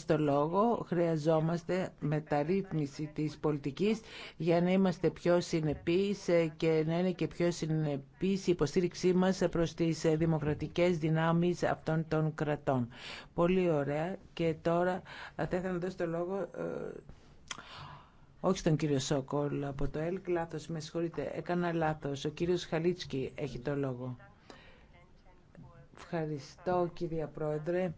στο λόγο χρειαζόμαστε μεταρρύθμιση της πολιτικής για να είμαστε πιο συνεπείς ε, και να είναι και πιο συνεπείς η υποστήριξή μας προς τις ε, δημοκρατικές δυνάμεις αυτών των κρατών. Πολύ ωραία. Και τώρα ε, θα ήθελα να δώσω το λόγο... Όχι στον κύριο Σόκολ από το ΕΛΚ, λάθος, με συγχωρείτε, έκανα λάθος. Ο κύριος Χαλίτσκι έχει το λόγο. Ευχαριστώ κύριε Πρόεδρε.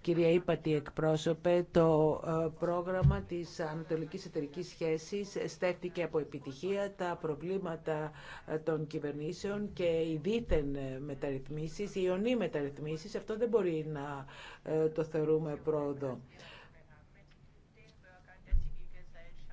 Κυρία Ήπατη εκπρόσωπε, το ε, πρόγραμμα της Ανατολικής Εταιρικής Σχέσης στέφτηκε από επιτυχία τα προβλήματα ε, των κυβερνήσεων και οι δίθεν ε, μεταρρυθμίσεις, οι ιονοί μεταρρυθμίσεις, αυτό δεν μπορεί να το θεωρούμε πρόοδο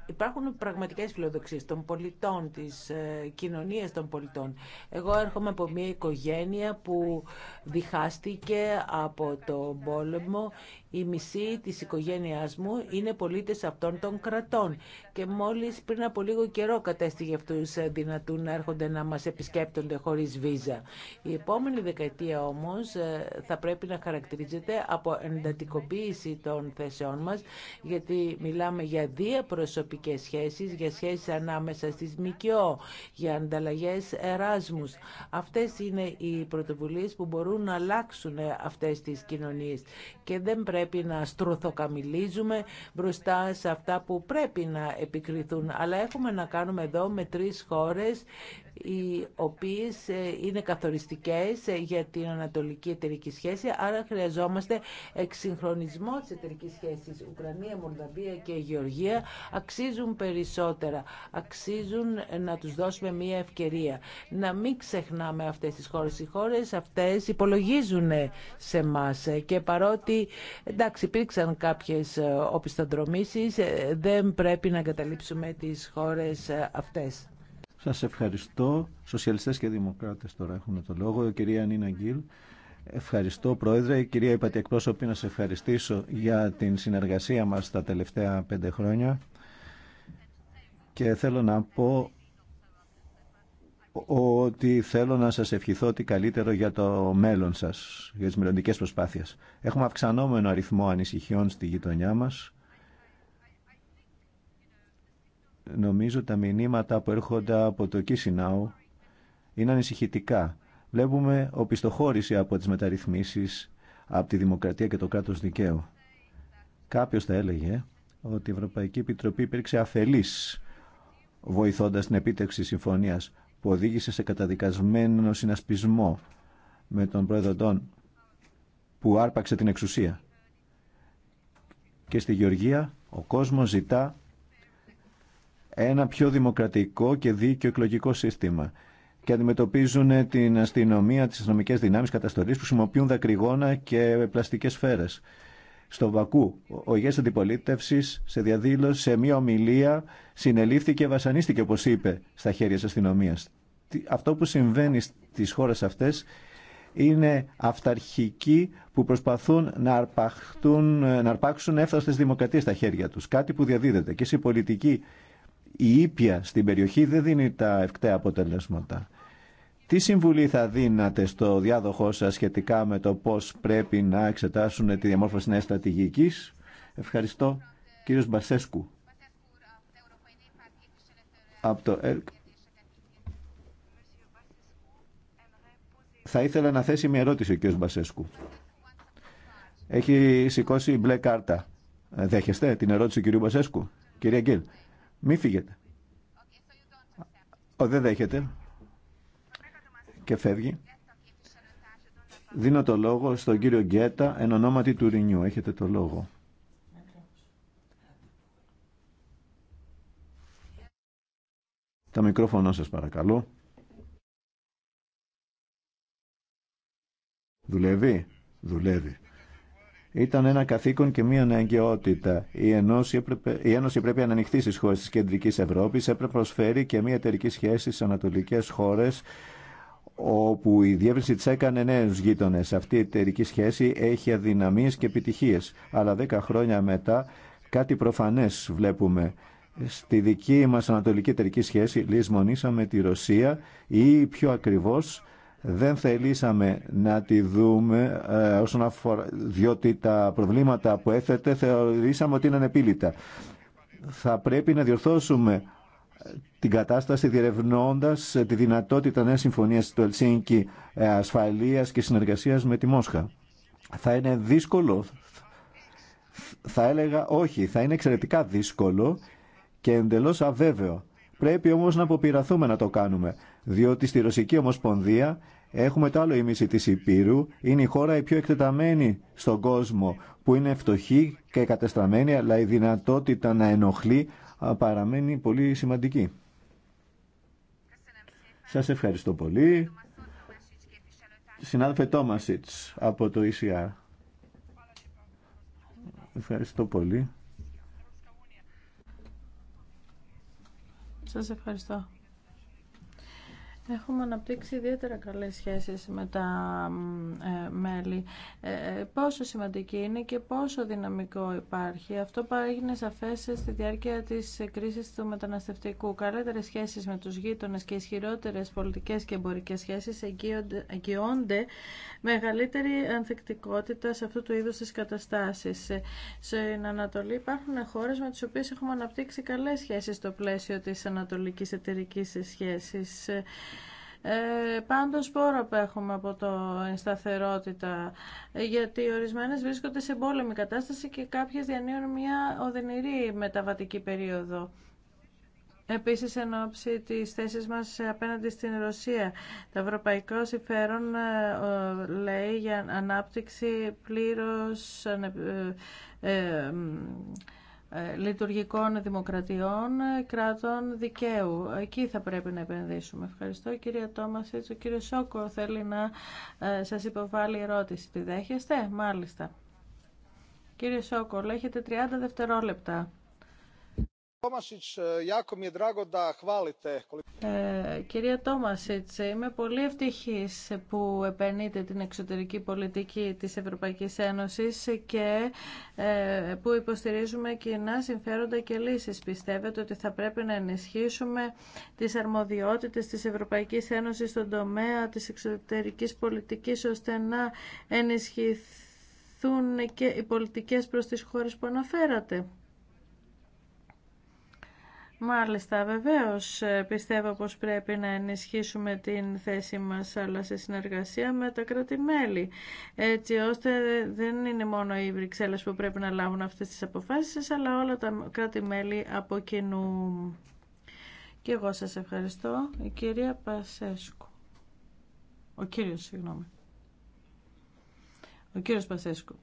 υπάρχουν πραγματικές φιλοδοξίες των πολιτών, της ε, κοινωνίας των πολιτών. Εγώ έρχομαι από μια οικογένεια που διχάστηκε από τον πόλεμο η μισή της οικογένειάς μου είναι πολίτες αυτών των κρατών και μόλις πριν από λίγο καιρό κατέστηκε αυτούς δυνατούν να έρχονται να μας επισκέπτονται χωρίς βίζα. Η επόμενη δεκαετία όμως ε, θα πρέπει να χαρακτηρίζεται από εντατικοποίηση των θέσεών μας γιατί μιλάμε για δύο προσωπικές σχέσεις, για σχέσεις ανάμεσα στις ΜΚΟ, για ανταλλαγέ εράσμους. Αυτές είναι οι πρωτοβουλίε που μπορούν να αλλάξουν αυτές τις κοινωνίες και δεν πρέπει πρέπει να στρωθοκαμιλίζουμε μπροστά σε αυτά που πρέπει να επικριθούν. Αλλά έχουμε να κάνουμε εδώ με τρεις χώρες οι οποίες ε, είναι καθοριστικές ε, για την ανατολική εταιρική σχέση, άρα χρειαζόμαστε εξυγχρονισμό της εταιρικής σχέσης. Ουκρανία, Μολδαβία και Γεωργία αξίζουν περισσότερα, αξίζουν ε, να τους δώσουμε μία ευκαιρία. Να μην ξεχνάμε αυτές τις χώρες. Οι χώρες αυτές υπολογίζουν σε εμά και παρότι εντάξει υπήρξαν κάποιες οπισθοδρομήσεις, δεν πρέπει να εγκαταλείψουμε τις χώρες αυτές. Σα ευχαριστώ. Σοσιαλιστές και Δημοκράτες τώρα έχουν το λόγο. Η κυρία Νίνα Γκίλ. Ευχαριστώ Πρόεδρε. Η κυρία Υπατή Εκπρόσωπη, να σε ευχαριστήσω για την συνεργασία μας τα τελευταία πέντε χρόνια. Και θέλω να πω ότι θέλω να σας ευχηθώ ότι καλύτερο για το μέλλον σας, για τις μελλοντικέ προσπάθειες. Έχουμε αυξανόμενο αριθμό ανησυχιών στη γειτονιά μας Νομίζω τα μηνύματα που έρχονται από το Κίσινάου είναι ανησυχητικά. Βλέπουμε οπισθοχώρηση από τις μεταρρυθμίσεις, από τη δημοκρατία και το κράτος δικαίου. Κάποιος θα έλεγε ότι η Ευρωπαϊκή Επιτροπή υπήρξε αφελής βοηθώντας την επίτευξη συμφωνίας που οδήγησε σε καταδικασμένο συνασπισμό με τον πρόεδρο που άρπαξε την εξουσία. Και στη Γεωργία ο κόσμος ζητά ένα πιο δημοκρατικό και δίκαιο εκλογικό σύστημα και αντιμετωπίζουν την αστυνομία, τις αστυνομικέ δυνάμει καταστολή που χρησιμοποιούν δακρυγόνα και πλαστικέ σφαίρες. Στο Βακού, ο ηγέτη αντιπολίτευση, σε διαδήλωση, σε μία ομιλία, συνελήφθηκε, βασανίστηκε, όπω είπε, στα χέρια τη αστυνομία. Αυτό που συμβαίνει στι χώρε αυτέ είναι αυταρχικοί που προσπαθούν να, να αρπάξουν έφταστες δημοκρατίε στα χέρια του. Κάτι που διαδίδεται και σε πολιτική η ήπια στην περιοχή δεν δίνει τα ευκταία αποτελέσματα. Τι συμβουλή θα δίνατε στο διάδοχό σας σχετικά με το πώς πρέπει να εξετάσουν τη διαμόρφωση νέας στρατηγικής. Ευχαριστώ. Κύριος Μπασέσκου. Από Θα ήθελα να θέσει μια ερώτηση ο κύριος Μπασέσκου. Έχει σηκώσει μπλε κάρτα. Δέχεστε την ερώτηση του κυρίου Μπασέσκου. Κυρία Γκίλ. Μη φύγετε. Ο, δεν δέχεται. Και φεύγει. Δίνω το λόγο στον κύριο Γκέτα εν ονόματι του Ρινιού. Έχετε το λόγο. Τα μικρόφωνο σας παρακαλώ. Δουλεύει. Δουλεύει ήταν ένα καθήκον και μία αναγκαιότητα. Η Ένωση, η Ένωση πρέπει να ανοιχθεί στι χώρε τη Κεντρική Ευρώπη, έπρεπε να προσφέρει και μία εταιρική σχέση στι ανατολικέ χώρε, όπου η διεύρυνση τη έκανε νέου γείτονε. Αυτή η εταιρική σχέση έχει αδυναμίε και επιτυχίε. Αλλά δέκα χρόνια μετά κάτι προφανέ βλέπουμε. Στη δική μα ανατολική εταιρική σχέση λησμονήσαμε τη Ρωσία ή πιο ακριβώ δεν θελήσαμε να τη δούμε ε, όσον αφορά, διότι τα προβλήματα που έθετε θεωρήσαμε ότι είναι ανεπίλητα. Θα πρέπει να διορθώσουμε ε, την κατάσταση διερευνώντας ε, τη δυνατότητα νέας συμφωνίας του Ελσίνκη ασφαλείας και συνεργασίας με τη Μόσχα. Θα είναι δύσκολο, θα έλεγα όχι, θα είναι εξαιρετικά δύσκολο και εντελώς αβέβαιο. Πρέπει όμως να αποπειραθούμε να το κάνουμε διότι στη Ρωσική Ομοσπονδία έχουμε το άλλο ημίση της Υπήρου, είναι η χώρα η πιο εκτεταμένη στον κόσμο, που είναι φτωχή και κατεστραμμένη, αλλά η δυνατότητα να ενοχλεί παραμένει πολύ σημαντική. Σας ευχαριστώ πολύ. Συνάδελφε Τόμασιτς από το ECR. Ευχαριστώ πολύ. Σας ευχαριστώ. Έχουμε αναπτύξει ιδιαίτερα καλές σχέσεις με τα ε, μέλη. Ε, ε, πόσο σημαντική είναι και πόσο δυναμικό υπάρχει. Αυτό έγινε σαφές στη διάρκεια της κρίσης του μεταναστευτικού. Καλύτερες σχέσεις με τους γείτονες και ισχυρότερες πολιτικές και εμπορικές σχέσεις εγγυώνται μεγαλύτερη ανθεκτικότητα σε αυτού του είδους τις καταστάσεις. Στην Ανατολή υπάρχουν χώρες με τις οποίες έχουμε αναπτύξει καλές σχέσεις στο πλαίσιο της ανατολικής εταιρική σχέση. Ε, πάντως πόρο απέχουμε από το ενσταθερότητα, γιατί ορισμένες βρίσκονται σε πόλεμη κατάσταση και κάποιες διανύουν μια οδυνηρή μεταβατική περίοδο. Επίσης, εν ώψη της θέσης μας απέναντι στην Ρωσία, το ευρωπαϊκό συμφέρον ε, λέει για ανάπτυξη πλήρως ε, ε, ε, λειτουργικών δημοκρατιών, ε, κράτων δικαίου. Εκεί θα πρέπει να επενδύσουμε. Ευχαριστώ κύριε Τόμασιτς. Ο κύριος Σόκο θέλει να ε, σας υποβάλει ερώτηση. Τη δέχεστε? Μάλιστα. Κύριε Σόκο, έχετε 30 δευτερόλεπτα. Ε, ε, κυρία Τόμασιτς, είμαι πολύ ευτυχής που επενείτε την εξωτερική πολιτική της Ευρωπαϊκής Ένωσης και ε, που υποστηρίζουμε κοινά συμφέροντα και λύσεις. Πιστεύετε ότι θα πρέπει να ενισχύσουμε τις αρμοδιότητες της Ευρωπαϊκής Ένωσης στον τομέα της εξωτερικής πολιτικής ώστε να ενισχυθούν και οι πολιτικές προς τις χώρες που αναφέρατε. Μάλιστα, βεβαίως ε, πιστεύω πως πρέπει να ενισχύσουμε την θέση μας αλλά σε συνεργασία με τα κράτη-μέλη έτσι ώστε δεν είναι μόνο οι Βρυξέλλες που πρέπει να λάβουν αυτές τις αποφάσεις αλλά όλα τα κράτη-μέλη από κοινού. Και εγώ σας ευχαριστώ, η κυρία Πασέσκου. Ο κύριος, συγγνώμη. Ο κύριος Πασέσκου.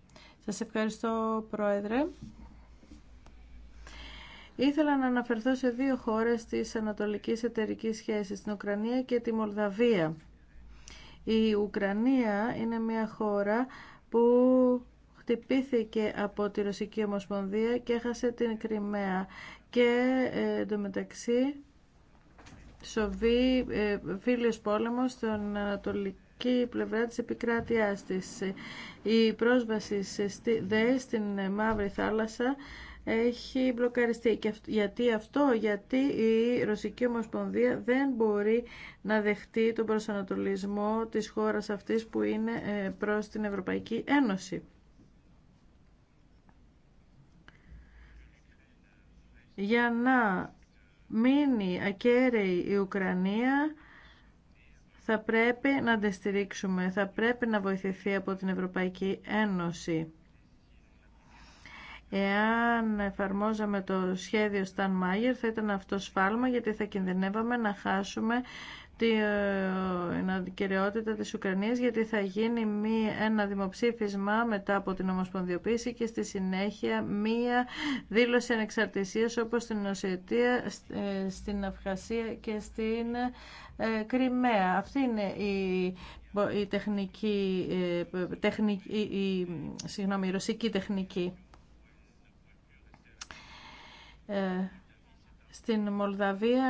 Σας ευχαριστώ, Πρόεδρε. Ήθελα να αναφερθώ σε δύο χώρες της ανατολικής εταιρικής σχέσης, την Ουκρανία και τη Μολδαβία. Η Ουκρανία είναι μια χώρα που χτυπήθηκε από τη Ρωσική Ομοσπονδία και έχασε την Κρυμαία και ε, εντωμεταξύ σοβεί ε, φίλος πόλεμος στην Ανατολική πλευρά της επικράτειάς της. Η πρόσβαση στη, δε στην Μαύρη Θάλασσα έχει μπλοκαριστεί. Και γιατί αυτό, γιατί η Ρωσική Ομοσπονδία δεν μπορεί να δεχτεί τον προσανατολισμό της χώρας αυτής που είναι ε, προς την Ευρωπαϊκή Ένωση. Για να μείνει ακέραιη η Ουκρανία θα πρέπει να αντιστηρίξουμε. θα πρέπει να βοηθηθεί από την Ευρωπαϊκή Ένωση. Εάν εφαρμόζαμε το σχέδιο Σταν Μάγερ θα ήταν αυτό σφάλμα γιατί θα κινδυνεύαμε να χάσουμε ε, την κυριότητα της Ουκρανίας γιατί θα γίνει ένα δημοψήφισμα μετά από την Ομοσπονδιοποίηση και στη συνέχεια μία δήλωση ανεξαρτησίας όπως στην Οσιατία, ε, στην Αυχασία και στην ε, Κρυμαία. Αυτή είναι η, τεχνική, η ρωσική τεχνική. Ε, στην Μολδαβία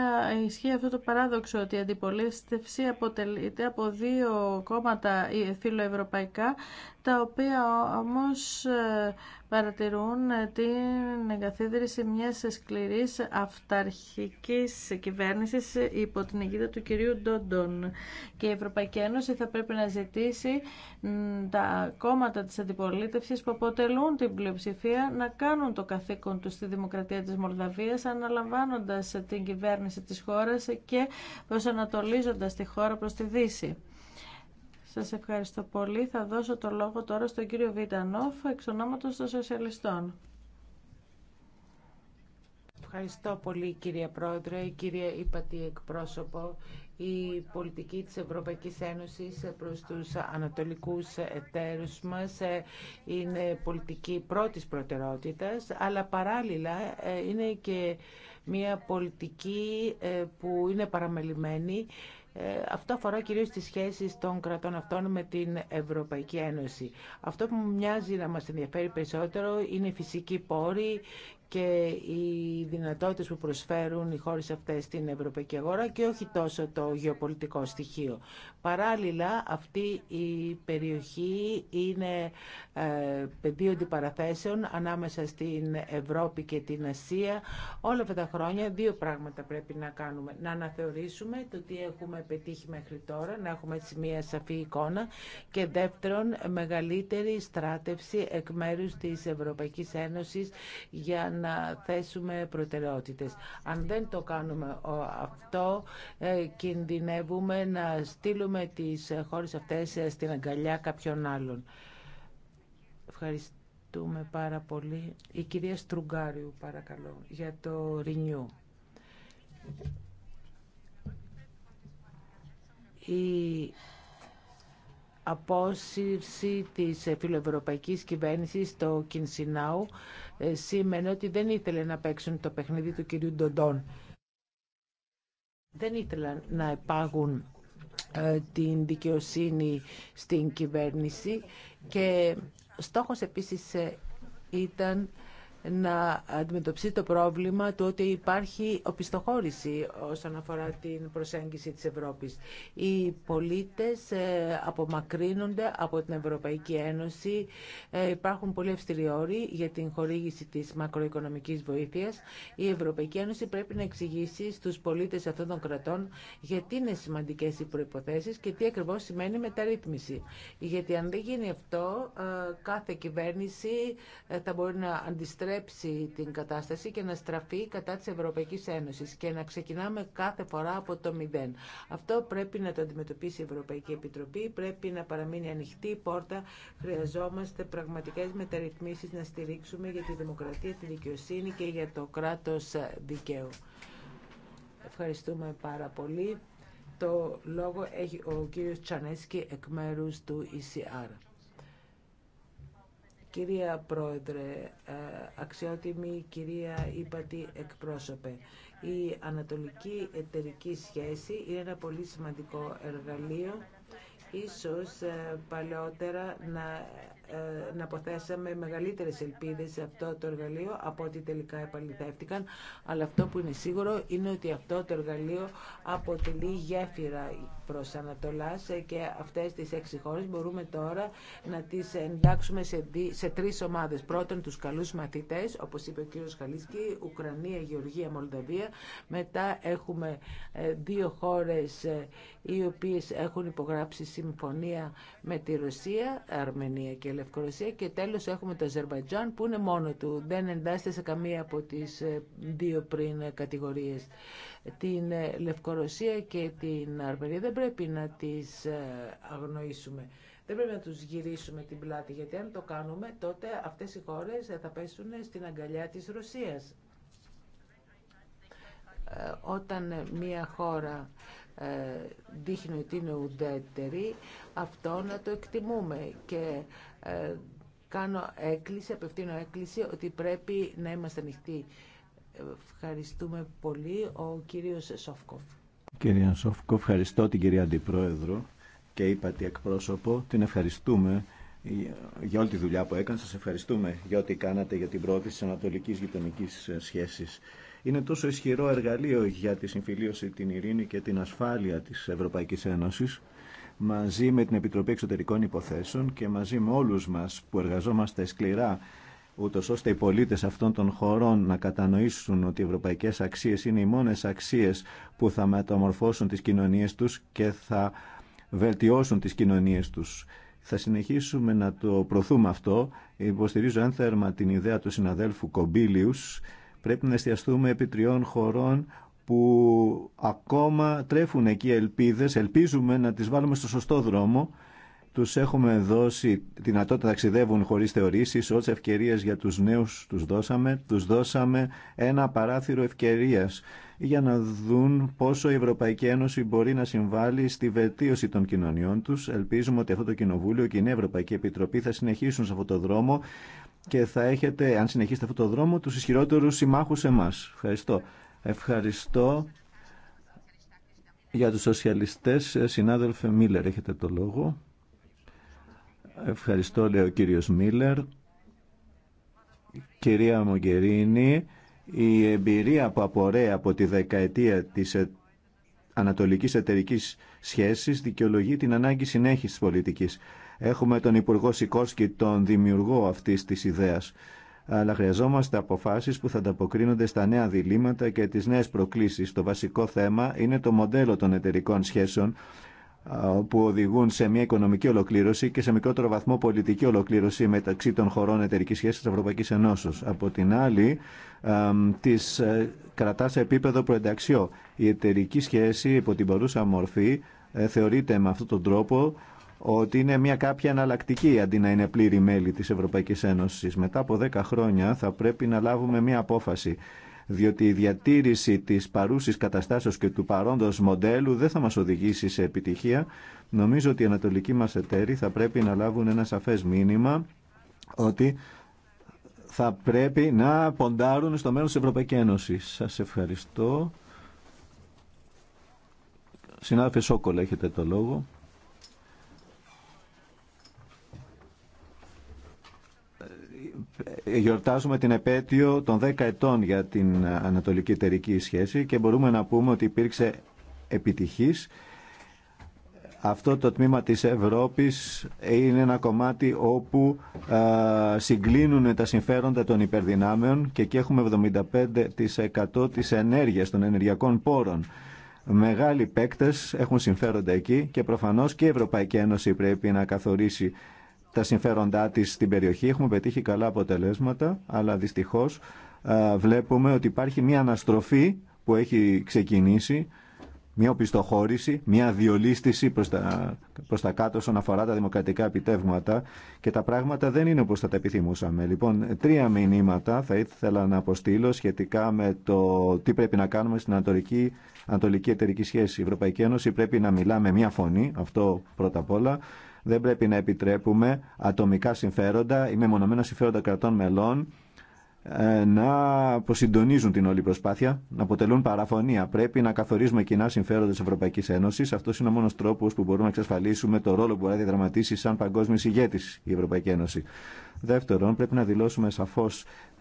ισχύει αυτό το παράδοξο ότι η αντιπολίτευση αποτελείται από δύο κόμματα ε, φιλοευρωπαϊκά τα οποία όμως ε, παρατηρούν ε, την εγκαθίδρυση μιας σκληρής αυταρχικής κυβέρνησης υπό την αιγύδα του κυρίου Ντόντον. Και η Ευρωπαϊκή Ένωση θα πρέπει να ζητήσει τα κόμματα της αντιπολίτευσης που αποτελούν την πλειοψηφία να κάνουν το καθήκον του στη δημοκρατία της Μολδαβίας αναλαμβάνοντας την κυβέρνηση της χώρας και προσανατολίζοντας τη χώρα προς τη Δύση. Σας ευχαριστώ πολύ. Θα δώσω το λόγο τώρα στον κύριο Βίτανοφ, εξ ονόματος των Σοσιαλιστών. Ευχαριστώ πολύ κυρία Πρόεδρε, κυρία Υπατή Εκπρόσωπο. Η πολιτική της Ευρωπαϊκής Ένωσης προς τους ανατολικούς εταίρους μας ε, είναι πολιτική πρώτης προτεραιότητας, αλλά παράλληλα ε, είναι και μια πολιτική ε, που είναι παραμελημένη αυτό αφορά κυρίως τις σχέσεις των κρατών αυτών με την Ευρωπαϊκή Ένωση. Αυτό που μοιάζει να μας ενδιαφέρει περισσότερο είναι οι φυσικοί πόροι, και οι δυνατότητες που προσφέρουν οι χώρες αυτές στην ευρωπαϊκή αγορά και όχι τόσο το γεωπολιτικό στοιχείο. Παράλληλα, αυτή η περιοχή είναι ε, πεδίο αντιπαραθέσεων ανάμεσα στην Ευρώπη και την Ασία. Όλα αυτά τα χρόνια δύο πράγματα πρέπει να κάνουμε. Να αναθεωρήσουμε το τι έχουμε πετύχει μέχρι τώρα, να έχουμε έτσι μια σαφή εικόνα και δεύτερον, μεγαλύτερη στράτευση εκ μέρους της Ευρωπαϊκής Ένωσης για να θέσουμε προτεραιότητες. Αν δεν το κάνουμε αυτό, ε, κινδυνεύουμε να στείλουμε τις χώρες αυτές ε, στην αγκαλιά κάποιων άλλων. Ευχαριστούμε πάρα πολύ. Η κυρία Στρουγκάριου, παρακαλώ, για το Renew. Η απόσυρση της φιλοευρωπαϊκής κυβέρνησης στο Κινσινάου ε, σήμαινε ότι δεν ήθελε να παίξουν το παιχνίδι του κυρίου Ντοντών. Δεν ήθελαν να επάγουν ε, την δικαιοσύνη στην κυβέρνηση και στόχος επίσης ε, ήταν να αντιμετωπίσει το πρόβλημα του ότι υπάρχει οπισθοχώρηση όσον αφορά την προσέγγιση της Ευρώπης. Οι πολίτες ε, απομακρύνονται από την Ευρωπαϊκή Ένωση. Ε, υπάρχουν πολύ αυστηροί για την χορήγηση της μακροοικονομικής βοήθειας. Η Ευρωπαϊκή Ένωση πρέπει να εξηγήσει στους πολίτες αυτών των κρατών γιατί είναι σημαντικές οι προϋποθέσεις και τι ακριβώς σημαίνει μεταρρύθμιση. Γιατί αν δεν γίνει αυτό, ε, κάθε κυβέρνηση θα μπορεί να αντιστρέψει την κατάσταση και να στραφεί κατά της Ευρωπαϊκής Ένωσης και να ξεκινάμε κάθε φορά από το μηδέν. Αυτό πρέπει να το αντιμετωπίσει η Ευρωπαϊκή Επιτροπή, πρέπει να παραμείνει ανοιχτή η πόρτα. Χρειαζόμαστε πραγματικές μεταρρυθμίσεις να στηρίξουμε για τη δημοκρατία, τη δικαιοσύνη και για το κράτος δικαίου. Ευχαριστούμε πάρα πολύ. Το λόγο έχει ο κύριος Τσανέσκι εκ μέρους του ECR. Κυρία Πρόεδρε, ε, αξιότιμη κυρία Ήπατη εκπρόσωπε, η ανατολική εταιρική σχέση είναι ένα πολύ σημαντικό εργαλείο Ίσως ε, παλαιότερα να, ε, να αποθέσαμε μεγαλύτερες ελπίδες σε αυτό το εργαλείο από ό,τι τελικά επαληθεύτηκαν. Αλλά αυτό που είναι σίγουρο είναι ότι αυτό το εργαλείο αποτελεί γέφυρα προς Ανατολάς και αυτές τις έξι χώρες μπορούμε τώρα να τις εντάξουμε σε, σε τρεις ομάδες. Πρώτον τους καλούς μαθητές, όπως είπε ο κύριο Χαλίσκη, Ουκρανία, Γεωργία, Μολδαβία. Μετά έχουμε ε, δύο χώρες οι οποίες έχουν υπογράψει συμφωνία με τη Ρωσία, Αρμενία και Λευκορωσία και τέλος έχουμε το Αζερβαϊτζάν που είναι μόνο του, δεν εντάσσεται σε καμία από τις ε, δύο πριν κατηγορίες. Την ε, Λευκορωσία και την Αρμενία δεν πρέπει να τις ε, αγνοήσουμε. Δεν πρέπει να τους γυρίσουμε την πλάτη, γιατί αν το κάνουμε, τότε αυτές οι χώρες θα πέσουν στην αγκαλιά της Ρωσίας. Όταν μία χώρα ε, δείχνει ότι είναι ουδέτερη, αυτό να το εκτιμούμε. Και ε, κάνω έκκληση, απευθύνω έκκληση ότι πρέπει να είμαστε ανοιχτοί. Ευχαριστούμε πολύ. Ο κύριος Σόφκοφ. Κύριε Σόφκοφ, ευχαριστώ την κυρία Αντιπρόεδρο και είπα τη εκπρόσωπο. Την ευχαριστούμε για όλη τη δουλειά που έκανε. Σας ευχαριστούμε για ό,τι κάνατε για την πρόθεση της ανατολικής γειτονικής σχέσης είναι τόσο ισχυρό εργαλείο για τη συμφιλίωση, την ειρήνη και την ασφάλεια της Ευρωπαϊκής Ένωσης μαζί με την Επιτροπή Εξωτερικών Υποθέσεων και μαζί με όλους μας που εργαζόμαστε σκληρά ούτω ώστε οι πολίτες αυτών των χωρών να κατανοήσουν ότι οι ευρωπαϊκές αξίες είναι οι μόνες αξίες που θα μεταμορφώσουν τις κοινωνίες τους και θα βελτιώσουν τις κοινωνίες τους. Θα συνεχίσουμε να το προωθούμε αυτό. Υποστηρίζω ένθερμα την ιδέα του συναδέλφου Κομπίλιους Πρέπει να εστιαστούμε επί τριών χωρών που ακόμα τρέφουν εκεί ελπίδες, ελπίζουμε να τις βάλουμε στο σωστό δρόμο. Τους έχουμε δώσει δυνατότητα να ταξιδεύουν χωρίς θεωρήσεις, ό,τι ευκαιρίες για τους νέους τους δώσαμε. Τους δώσαμε ένα παράθυρο ευκαιρίας για να δουν πόσο η Ευρωπαϊκή Ένωση μπορεί να συμβάλλει στη βελτίωση των κοινωνιών τους. Ελπίζουμε ότι αυτό το Κοινοβούλιο και η Ευρωπαϊκή Επιτροπή θα συνεχίσουν σε αυτό το δρόμο και θα έχετε, αν συνεχίσετε αυτό το δρόμο, τους ισχυρότερους συμμάχους εμάς. Ευχαριστώ. Ευχαριστώ για τους σοσιαλιστές. Ε, συνάδελφε Μίλλερ, έχετε το λόγο. Ευχαριστώ, λέει ο κύριος Μίλλερ. Κυρία Μογκερίνη, η εμπειρία που απορρέει από τη δεκαετία της ε, ανατολικής εταιρικής σχέσης δικαιολογεί την ανάγκη συνέχισης πολιτικής. Έχουμε τον Υπουργό Σικόσκι, τον δημιουργό αυτή τη ιδέα, Αλλά χρειαζόμαστε αποφάσει που θα ανταποκρίνονται στα νέα διλήμματα και τι νέε προκλήσει. Το βασικό θέμα είναι το μοντέλο των εταιρικών σχέσεων που οδηγούν σε μια οικονομική ολοκλήρωση και σε μικρότερο βαθμό πολιτική ολοκλήρωση μεταξύ των χωρών εταιρική σχέση τη Ευρωπαϊκή Ενώσεω. Από την άλλη, τι ε, κρατά σε επίπεδο προενταξιό. Η εταιρική σχέση υπό την παρούσα μορφή ε, θεωρείται με αυτόν τον τρόπο ότι είναι μια κάποια εναλλακτική αντί να είναι πλήρη μέλη της Ευρωπαϊκής Ένωσης. Μετά από 10 χρόνια θα πρέπει να λάβουμε μια απόφαση διότι η διατήρηση της παρούσης καταστάσεως και του παρόντος μοντέλου δεν θα μας οδηγήσει σε επιτυχία. Νομίζω ότι οι ανατολικοί μας εταίροι θα πρέπει να λάβουν ένα σαφές μήνυμα ότι θα πρέπει να ποντάρουν στο μέλλον της Ευρωπαϊκής Ένωσης. Σας ευχαριστώ. Συνάδελφε Σόκολα, έχετε το λόγο. γιορτάζουμε την επέτειο των 10 ετών για την ανατολική εταιρική σχέση και μπορούμε να πούμε ότι υπήρξε επιτυχής. Αυτό το τμήμα της Ευρώπης είναι ένα κομμάτι όπου συγκλίνουν τα συμφέροντα των υπερδυνάμεων και εκεί έχουμε 75% της ενέργειας των ενεργειακών πόρων. Μεγάλοι παίκτες έχουν συμφέροντα εκεί και προφανώς και η Ευρωπαϊκή Ένωση πρέπει να καθορίσει τα συμφέροντά της στην περιοχή. Έχουμε πετύχει καλά αποτελέσματα, αλλά δυστυχώς βλέπουμε ότι υπάρχει μια αναστροφή που έχει ξεκινήσει, μια οπισθοχώρηση, μια διολίστηση προς τα, προς τα κάτω όσον αφορά τα δημοκρατικά επιτεύγματα και τα πράγματα δεν είναι όπως θα τα επιθυμούσαμε. Λοιπόν, τρία μηνύματα θα ήθελα να αποστείλω σχετικά με το τι πρέπει να κάνουμε στην ανατολική, ανατολική εταιρική σχέση. Η Ευρωπαϊκή Ένωση πρέπει να μιλά με μια φωνή, αυτό πρώτα απ' όλα. Δεν πρέπει να επιτρέπουμε ατομικά συμφέροντα ή μεμονωμένα συμφέροντα κρατών μελών ε, να αποσυντονίζουν την όλη προσπάθεια, να αποτελούν παραφωνία. Πρέπει να καθορίζουμε κοινά συμφέροντα τη Ευρωπαϊκή Ένωση. Αυτό είναι ο μόνο τρόπο που μπορούμε να εξασφαλίσουμε το ρόλο που μπορεί να διαδραματίσει σαν παγκόσμιο ηγέτη η Ευρωπαϊκή Ένωση. Δεύτερον, πρέπει να δηλώσουμε σαφώ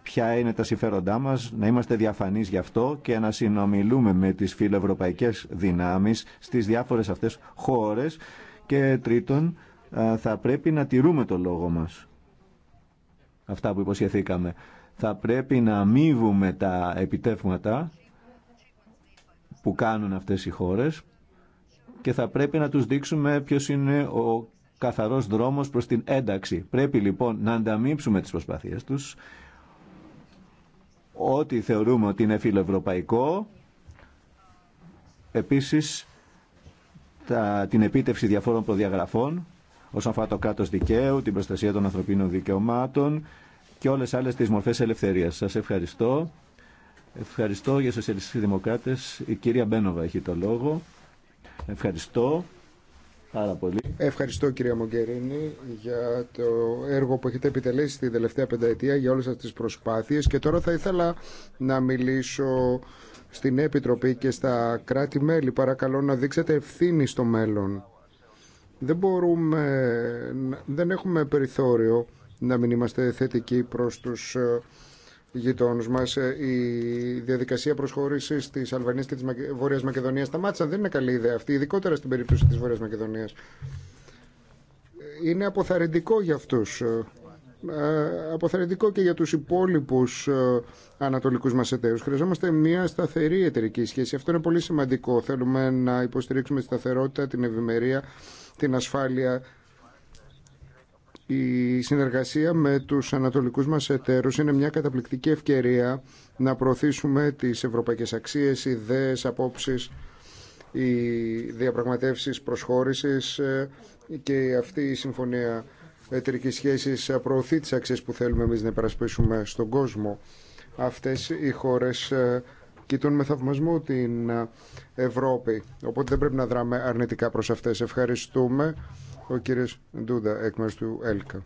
ποια είναι τα συμφέροντά μα, να είμαστε διαφανεί γι' αυτό και να συνομιλούμε με τι φιλοευρωπαϊκέ δυνάμει στι διάφορε αυτέ χώρε. Και τρίτον, ε, θα πρέπει να τηρούμε το λόγο μας. Αυτά που υποσχεθήκαμε. Θα πρέπει να αμείβουμε τα επιτεύγματα που κάνουν αυτές οι χώρες και θα πρέπει να τους δείξουμε ποιος είναι ο καθαρός δρόμος προς την ένταξη. Πρέπει λοιπόν να ανταμείψουμε τις προσπάθειές τους. Ό,τι θεωρούμε ότι είναι φιλοευρωπαϊκό, επίσης τα, την επίτευξη διαφόρων προδιαγραφών όσον αφορά το κράτο δικαίου, την προστασία των ανθρωπίνων δικαιωμάτων και όλε άλλε τι μορφέ ελευθερία. Σα ευχαριστώ. Ευχαριστώ για σοσιαλιστικούς δημοκράτες. Η κυρία Μπένοβα έχει το λόγο. Ευχαριστώ. Πάρα πολύ. Ευχαριστώ κυρία Μογκερίνη για το έργο που έχετε επιτελέσει τη τελευταία πενταετία για όλες αυτές τις προσπάθειες και τώρα θα ήθελα να μιλήσω στην Επιτροπή και στα κράτη-μέλη. Παρακαλώ να δείξετε ευθύνη στο μέλλον δεν μπορούμε, δεν έχουμε περιθώριο να μην είμαστε θετικοί προς τους ε, γειτόνους μας. Ε, η διαδικασία προσχώρησης της Αλβανίας και της Βόρειας Μακεδονίας σταμάτησαν. Δεν είναι καλή ιδέα αυτή, ειδικότερα στην περίπτωση της Βόρειας Μακεδονίας. Ε, είναι αποθαρρυντικό για αυτούς ε, αποθαρρυντικό και για τους υπόλοιπους ε, ανατολικούς μας εταίρους. Χρειαζόμαστε μια σταθερή εταιρική σχέση. Αυτό είναι πολύ σημαντικό. Θέλουμε να υποστηρίξουμε τη σταθερότητα, την ευημερία, την ασφάλεια. Η συνεργασία με τους ανατολικούς μας εταίρους είναι μια καταπληκτική ευκαιρία να προωθήσουμε τις ευρωπαϊκές αξίες, ιδέες, απόψεις οι διαπραγματεύσεις προσχώρησης ε, και αυτή η συμφωνία εταιρική σχέση προωθεί τι αξίε που θέλουμε εμεί να υπερασπίσουμε στον κόσμο. Αυτέ οι χώρε ε, κοιτούν με θαυμασμό την ε, Ευρώπη. Οπότε δεν πρέπει να δράμε αρνητικά προ αυτέ. Ευχαριστούμε. Ο κύριο Ντούδα, εκ μέρου του ΕΛΚΑ.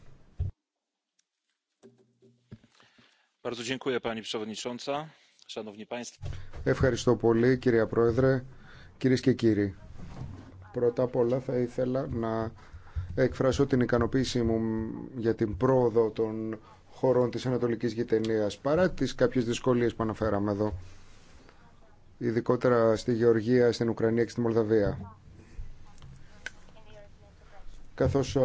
Ευχαριστώ πολύ, κυρία Πρόεδρε. Κυρίε και κύριοι, πρώτα απ' όλα θα ήθελα να εκφράσω την ικανοποίησή μου για την πρόοδο των χωρών της Ανατολικής Γειτενίας παρά τις κάποιες δυσκολίες που αναφέραμε εδώ ειδικότερα στη Γεωργία, στην Ουκρανία και στη Μολδαβία καθώς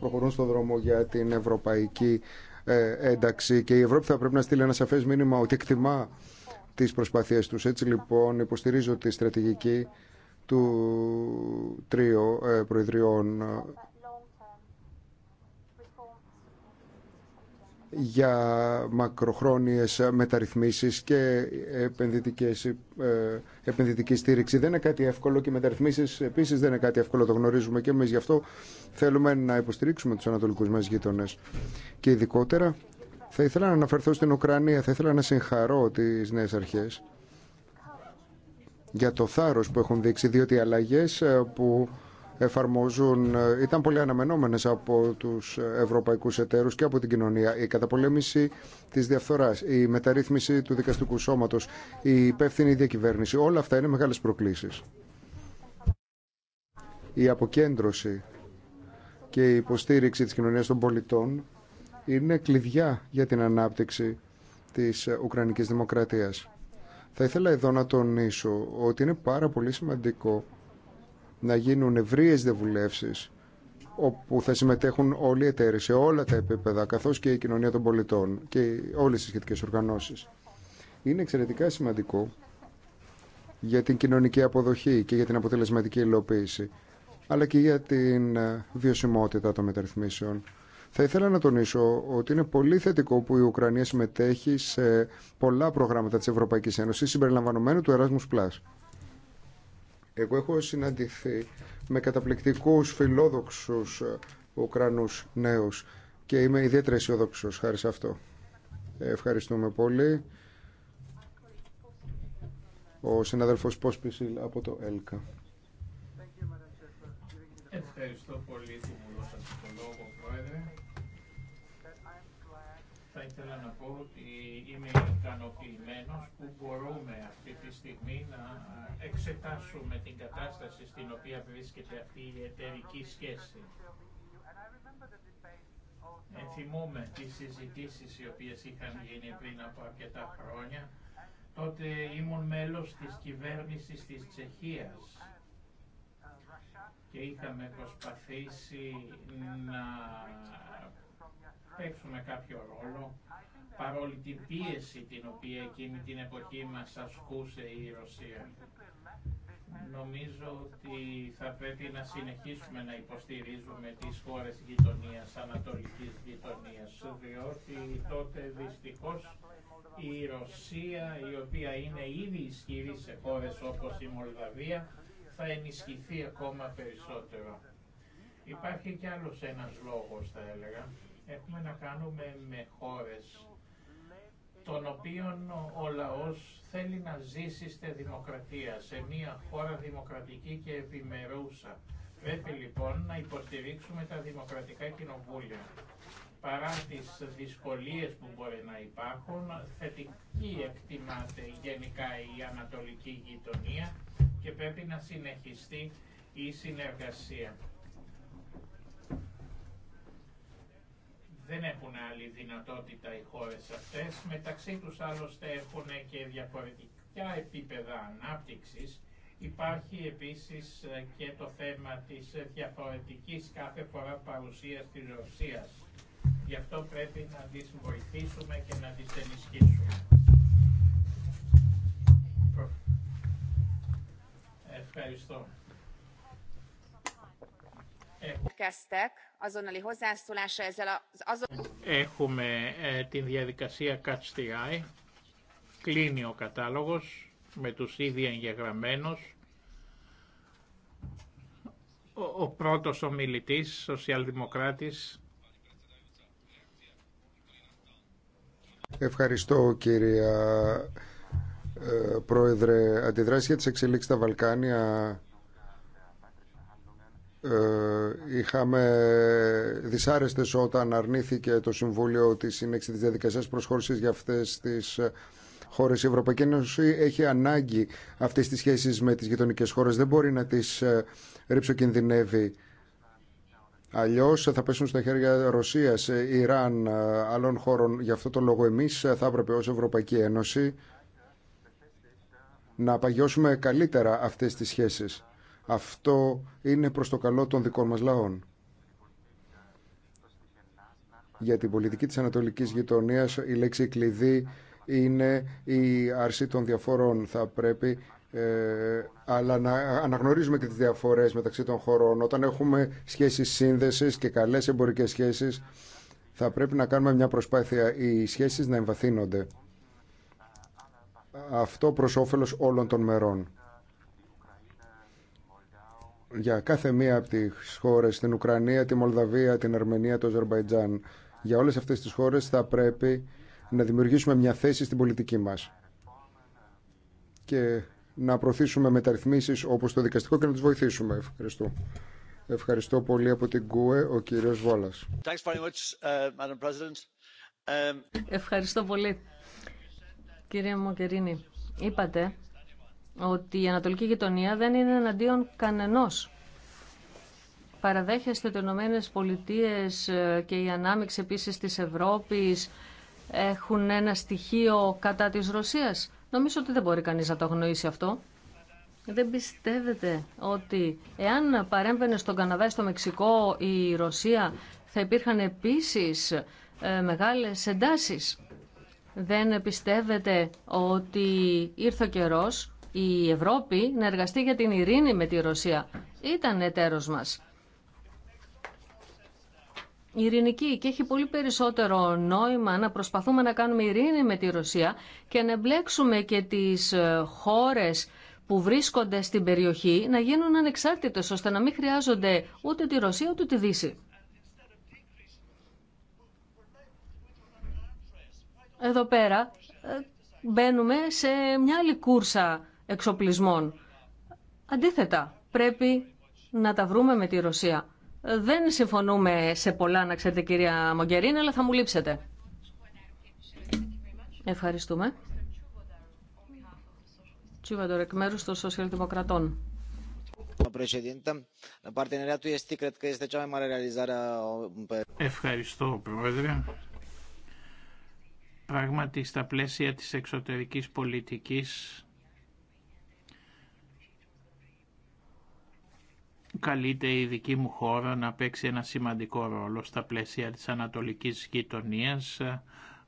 προχωρούν στον δρόμο για την ευρωπαϊκή ε, ένταξη και η Ευρώπη θα πρέπει να στείλει ένα σαφές μήνυμα ότι εκτιμά τις προσπάθειές τους. Έτσι λοιπόν υποστηρίζω τη στρατηγική του τρίου ε, προεδριών για μακροχρόνιες μεταρρυθμίσεις και επενδυτικές, ε, επενδυτική στήριξη. Δεν είναι κάτι εύκολο και οι μεταρρυθμίσεις επίσης δεν είναι κάτι εύκολο, το γνωρίζουμε και εμείς. Γι' αυτό θέλουμε να υποστηρίξουμε τους ανατολικούς μας γείτονες. Και ειδικότερα θα ήθελα να αναφερθώ στην Ουκρανία, θα ήθελα να συγχαρώ τις νέες αρχές για το θάρρος που έχουν δείξει, διότι οι αλλαγές ε, που εφαρμόζουν ε, ήταν πολύ αναμενόμενες από τους ευρωπαϊκούς εταίρους και από την κοινωνία. Η καταπολέμηση της διαφθοράς, η μεταρρύθμιση του δικαστικού σώματος, η υπεύθυνη διακυβέρνηση, όλα αυτά είναι μεγάλες προκλήσεις. Η αποκέντρωση και η υποστήριξη της κοινωνίας των πολιτών είναι κλειδιά για την ανάπτυξη της Ουκρανικής Δημοκρατίας. Θα ήθελα εδώ να τονίσω ότι είναι πάρα πολύ σημαντικό να γίνουν ευρείες διαβουλεύσεις όπου θα συμμετέχουν όλοι οι εταίροι σε όλα τα επίπεδα, καθώς και η κοινωνία των πολιτών και όλες οι σχετικές οργανώσεις. Είναι εξαιρετικά σημαντικό για την κοινωνική αποδοχή και για την αποτελεσματική υλοποίηση, αλλά και για την ε, βιωσιμότητα των μεταρρυθμίσεων. Θα ήθελα να τονίσω ότι είναι πολύ θετικό που η Ουκρανία συμμετέχει σε πολλά προγράμματα της Ευρωπαϊκής Ένωσης, συμπεριλαμβανομένου του Erasmus+. Εγώ έχω συναντηθεί με καταπληκτικούς φιλόδοξους ε, Ουκρανούς νέους και είμαι ιδιαίτερα αισιόδοξο χάρη σε αυτό. Ευχαριστούμε πολύ. Ο συναδελφός Πόσπισιλ από το ΕΛΚΑ. Ευχαριστώ πολύ ήθελα να πω ότι είμαι ικανοποιημένο που μπορούμε αυτή τη στιγμή να εξετάσουμε την κατάσταση στην οποία βρίσκεται αυτή η εταιρική σχέση. Ενθυμούμε τις συζητήσεις οι οποίες είχαν γίνει πριν από αρκετά χρόνια. Τότε ήμουν μέλος της κυβέρνησης της Τσεχίας και είχαμε προσπαθήσει να παίξουμε κάποιο ρόλο παρόλη την πίεση την οποία εκείνη την εποχή μας ασκούσε η Ρωσία. Νομίζω ότι θα πρέπει να συνεχίσουμε να υποστηρίζουμε τις χώρες γειτονίας, ανατολικής γειτονίας, διότι τότε δυστυχώς η Ρωσία, η οποία είναι ήδη ισχυρή σε χώρες όπως η Μολδαβία, θα ενισχυθεί ακόμα περισσότερο. Υπάρχει κι άλλος ένας λόγος, θα έλεγα Έχουμε να κάνουμε με χώρες των οποίων ο λαός θέλει να ζήσει στη δημοκρατία, σε μια χώρα δημοκρατική και επιμερούσα. Πρέπει λοιπόν να υποστηρίξουμε τα δημοκρατικά κοινοβούλια. Παρά τις δυσκολίες που μπορεί να υπάρχουν, θετική εκτιμάται γενικά η ανατολική γειτονία και πρέπει να συνεχιστεί η συνεργασία. δεν έχουν άλλη δυνατότητα οι χώρες αυτές. Μεταξύ τους άλλωστε έχουν και διαφορετικά επίπεδα ανάπτυξης. Υπάρχει επίσης και το θέμα της διαφορετικής κάθε φορά παρουσίας της Ρωσίας. Γι' αυτό πρέπει να τις βοηθήσουμε και να τις ενισχύσουμε. Ευχαριστώ. Έχουμε eh, την διαδικασία Catch the Eye. Κλείνει ο κατάλογος με τους ήδη εγγεγραμμένους. Ο, ο πρώτος ομιλητής, σοσιαλδημοκράτης. Ευχαριστώ κύριε Πρόεδρε. Αντιδράσει για τις εξελίξεις στα Βαλκάνια ε, είχαμε δυσάρεστες όταν αρνήθηκε το Συμβούλιο τη Σύνεξη της Διαδικασίας Προσχώρησης για αυτές τις ε, χώρες. Η Ευρωπαϊκή Ένωση έχει ανάγκη αυτές τις σχέσεις με τις γειτονικές χώρες. Δεν μπορεί να τις ε, κινδυνεύει Αλλιώς θα πέσουν στα χέρια Ρωσίας, Ιράν, άλλων χώρων. Γι' αυτό το λόγο εμεί θα έπρεπε ω Ευρωπαϊκή Ένωση να παγιώσουμε καλύτερα αυτές τις σχέσεις αυτό είναι προς το καλό των δικών μας λαών. Για την πολιτική της Ανατολικής Γειτονίας η λέξη κλειδί είναι η αρσή των διαφορών. Θα πρέπει ε, αλλά να αναγνωρίζουμε και τις διαφορές μεταξύ των χωρών. Όταν έχουμε σχέσεις σύνδεσης και καλές εμπορικές σχέσεις, θα πρέπει να κάνουμε μια προσπάθεια οι σχέσεις να εμβαθύνονται. Αυτό προς όφελος όλων των μερών για κάθε μία από τις χώρες, την Ουκρανία, τη Μολδαβία, την Αρμενία, το Αζερβαϊτζάν. Για όλες αυτές τις χώρες θα πρέπει να δημιουργήσουμε μια θέση στην πολιτική μας και να προωθήσουμε μεταρρυθμίσει όπως το δικαστικό και να τους βοηθήσουμε. Ευχαριστώ. Ευχαριστώ πολύ από την ΚΟΕ, ο κύριος Βόλα uh, um, Ευχαριστώ πολύ. Κύριε Μοκερίνη, είπατε ότι η Ανατολική Γειτονία δεν είναι εναντίον κανενός. Παραδέχεστε ότι οι Ηνωμένε Πολιτείε ε, και η ανάμειξη επίση της Ευρώπης έχουν ένα στοιχείο κατά της Ρωσίας. Νομίζω ότι δεν μπορεί κανείς να το γνωρίσει αυτό. Δεν πιστεύετε ότι εάν παρέμβαινε στον Καναδά στο Μεξικό η Ρωσία θα υπήρχαν επίσης ε, μεγάλες εντάσεις. Δεν πιστεύετε ότι ήρθε ο η Ευρώπη να εργαστεί για την ειρήνη με τη Ρωσία. Ήταν εταίρος μας. Ειρηνική και έχει πολύ περισσότερο νόημα να προσπαθούμε να κάνουμε ειρήνη με τη Ρωσία και να εμπλέξουμε και τις ε, χώρες που βρίσκονται στην περιοχή να γίνουν ανεξάρτητες ώστε να μην χρειάζονται ούτε τη Ρωσία ούτε τη Δύση. Εδώ πέρα ε, μπαίνουμε σε μια άλλη κούρσα εξοπλισμών. Αντίθετα, πρέπει να τα βρούμε με τη Ρωσία. Δεν συμφωνούμε σε πολλά, να ξέρετε κυρία Μογκερίνη, αλλά θα μου λείψετε. Ευχαριστούμε. Τσίβαντορ, εκ μέρους των Σοσιαλδημοκρατών. Ευχαριστώ, Πρόεδρε. Πράγματι, στα πλαίσια της εξωτερικής πολιτικής καλείται η δική μου χώρα να παίξει ένα σημαντικό ρόλο στα πλαίσια της ανατολικής γειτονίας,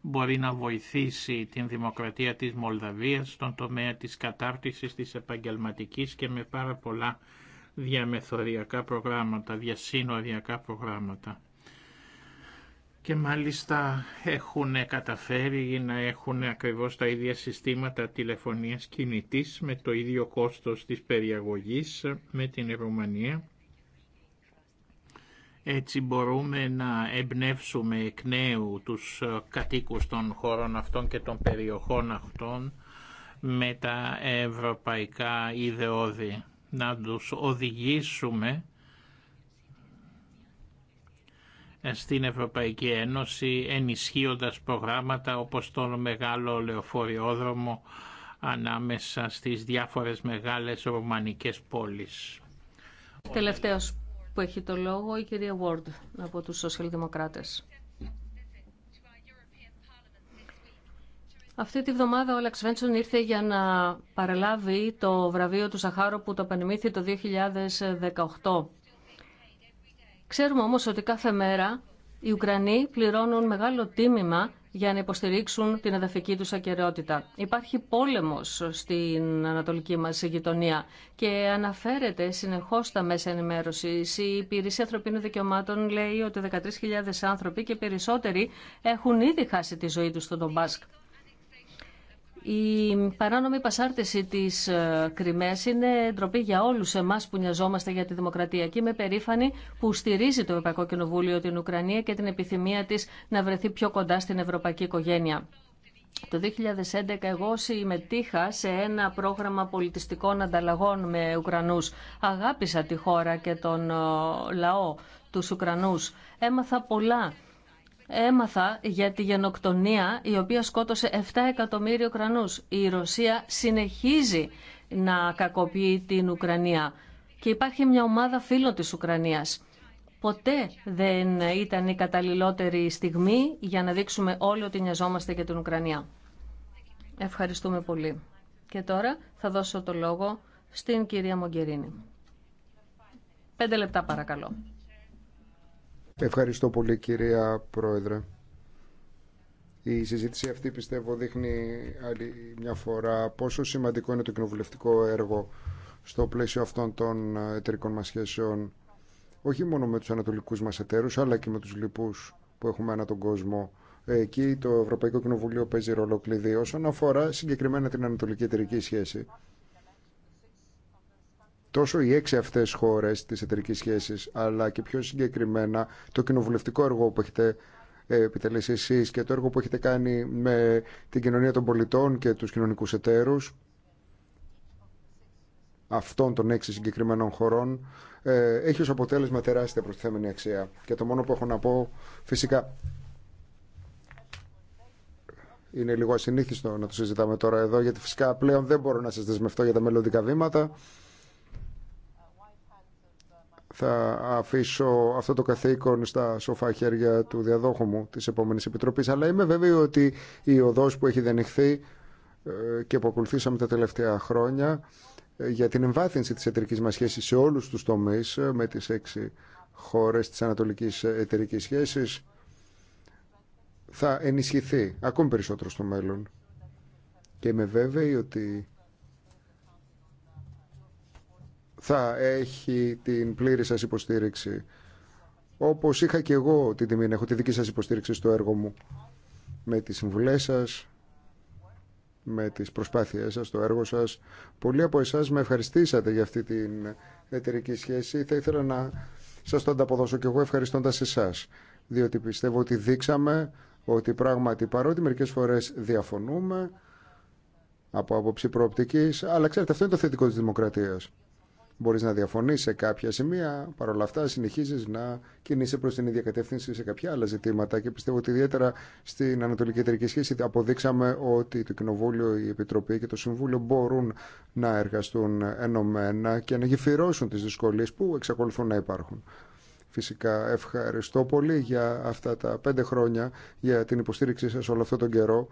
μπορεί να βοηθήσει την δημοκρατία της Μολδαβίας στον τομέα της κατάρτισης της επαγγελματικής και με πάρα πολλά διαμεθοριακά προγράμματα, διασύνοριακά προγράμματα και μάλιστα έχουν καταφέρει να έχουν ακριβώς τα ίδια συστήματα τηλεφωνίας κινητής με το ίδιο κόστος της περιαγωγής με την Ρουμανία. Έτσι μπορούμε να εμπνεύσουμε εκ νέου τους κατοίκους των χώρων αυτών και των περιοχών αυτών με τα ευρωπαϊκά ιδεώδη. Να τους οδηγήσουμε στην Ευρωπαϊκή Ένωση ενισχύοντας προγράμματα όπως τον μεγάλο λεωφοριόδρομο ανάμεσα στις διάφορες μεγάλες ρωμανικές πόλεις. Τελευταίος που έχει το λόγο η κυρία Βόρντ από τους Σοσιαλδημοκράτες. Αυτή τη βδομάδα ο Λαξ ήρθε για να παρελάβει το βραβείο του Σαχάρο που το επενημήθη το 2018 Ξέρουμε όμως ότι κάθε μέρα οι Ουκρανοί πληρώνουν μεγάλο τίμημα για να υποστηρίξουν την εδαφική τους ακαιρεότητα. Υπάρχει πόλεμος στην ανατολική μας γειτονία και αναφέρεται συνεχώς στα μέσα ενημέρωσης. Η Υπηρεσία Ανθρωπίνων Δικαιωμάτων λέει ότι 13.000 άνθρωποι και περισσότεροι έχουν ήδη χάσει τη ζωή τους στον Ντομπάσκ. Η παράνομη πασάρτηση της ε, Κρυμαία είναι ντροπή για όλου εμά που νοιαζόμαστε για τη δημοκρατία και είμαι περήφανη που στηρίζει το Ευρωπαϊκό Κοινοβούλιο την Ουκρανία και την επιθυμία της να βρεθεί πιο κοντά στην ευρωπαϊκή οικογένεια. Το 2011 εγώ συμμετείχα σε ένα πρόγραμμα πολιτιστικών ανταλλαγών με Ουκρανούς. Αγάπησα τη χώρα και τον ε, λαό, τους Ουκρανούς. Έμαθα πολλά έμαθα για τη γενοκτονία η οποία σκότωσε 7 εκατομμύρια Ουκρανούς. Η Ρωσία συνεχίζει να κακοποιεί την Ουκρανία και υπάρχει μια ομάδα φίλων της Ουκρανίας. Ποτέ δεν ήταν η καταλληλότερη στιγμή για να δείξουμε όλοι ότι νοιαζόμαστε για την Ουκρανία. Ευχαριστούμε πολύ. Και τώρα θα δώσω το λόγο στην κυρία Μογκερίνη. Πέντε λεπτά παρακαλώ. Ευχαριστώ πολύ κυρία Πρόεδρε. Η συζήτηση αυτή πιστεύω δείχνει άλλη μια φορά πόσο σημαντικό είναι το κοινοβουλευτικό έργο στο πλαίσιο αυτών των εταιρικών μας σχέσεων όχι μόνο με τους ανατολικούς μας εταίρους αλλά και με τους λοιπούς που έχουμε ανά τον κόσμο. Εκεί το Ευρωπαϊκό Κοινοβουλίο παίζει ρόλο κλειδί όσον αφορά συγκεκριμένα την ανατολική εταιρική σχέση τόσο οι έξι αυτέ χώρε τη εταιρική σχέση, αλλά και πιο συγκεκριμένα το κοινοβουλευτικό έργο που έχετε ε, επιτελέσει εσεί και το έργο που έχετε κάνει με την κοινωνία των πολιτών και του κοινωνικού εταίρους αυτών των έξι συγκεκριμένων χωρών ε, έχει ως αποτέλεσμα τεράστια προστιθέμενη αξία. Και το μόνο που έχω να πω φυσικά είναι λίγο ασυνήθιστο να το συζητάμε τώρα εδώ γιατί φυσικά πλέον δεν μπορώ να σας δεσμευτώ για τα μελλοντικά βήματα θα αφήσω αυτό το καθήκον στα σοφά χέρια του διαδόχου μου της επόμενης επιτροπής αλλά είμαι βέβαιο ότι η οδός που έχει δενεχθεί ε, και που ακολουθήσαμε τα τελευταία χρόνια ε, για την εμβάθυνση της εταιρική μας σχέσης σε όλους τους τομείς ε, με τις έξι χώρες της ανατολικής εταιρική σχέσης θα ενισχυθεί ακόμη περισσότερο στο μέλλον και είμαι βέβαιη ότι θα έχει την πλήρη σας υποστήριξη. Όπως είχα και εγώ την τιμή να έχω τη δική σας υποστήριξη στο έργο μου. Με τις συμβουλές σας, με τις προσπάθειές σας, το έργο σας. Πολλοί από εσάς με ευχαριστήσατε για αυτή την εταιρική σχέση. Θα ήθελα να σας το ανταποδώσω και εγώ ευχαριστώντας εσάς. Διότι πιστεύω ότι δείξαμε ότι πράγματι παρότι μερικές φορές διαφωνούμε από άποψη προοπτικής, αλλά ξέρετε αυτό είναι το θετικό της δημοκρατίας. Μπορείς να διαφωνείς σε κάποια σημεία, παρόλα αυτά συνεχίζεις να κινείσαι προς την ίδια κατεύθυνση σε κάποια άλλα ζητήματα και πιστεύω ότι ιδιαίτερα στην Ανατολική Εταιρική Σχέση αποδείξαμε ότι το Κοινοβούλιο, η Επιτροπή και το Συμβούλιο μπορούν να εργαστούν ενωμένα και να γεφυρώσουν τις δυσκολίες που εξακολουθούν να υπάρχουν. Φυσικά ευχαριστώ πολύ για αυτά τα πέντε χρόνια, για την υποστήριξή σας όλο αυτόν τον καιρό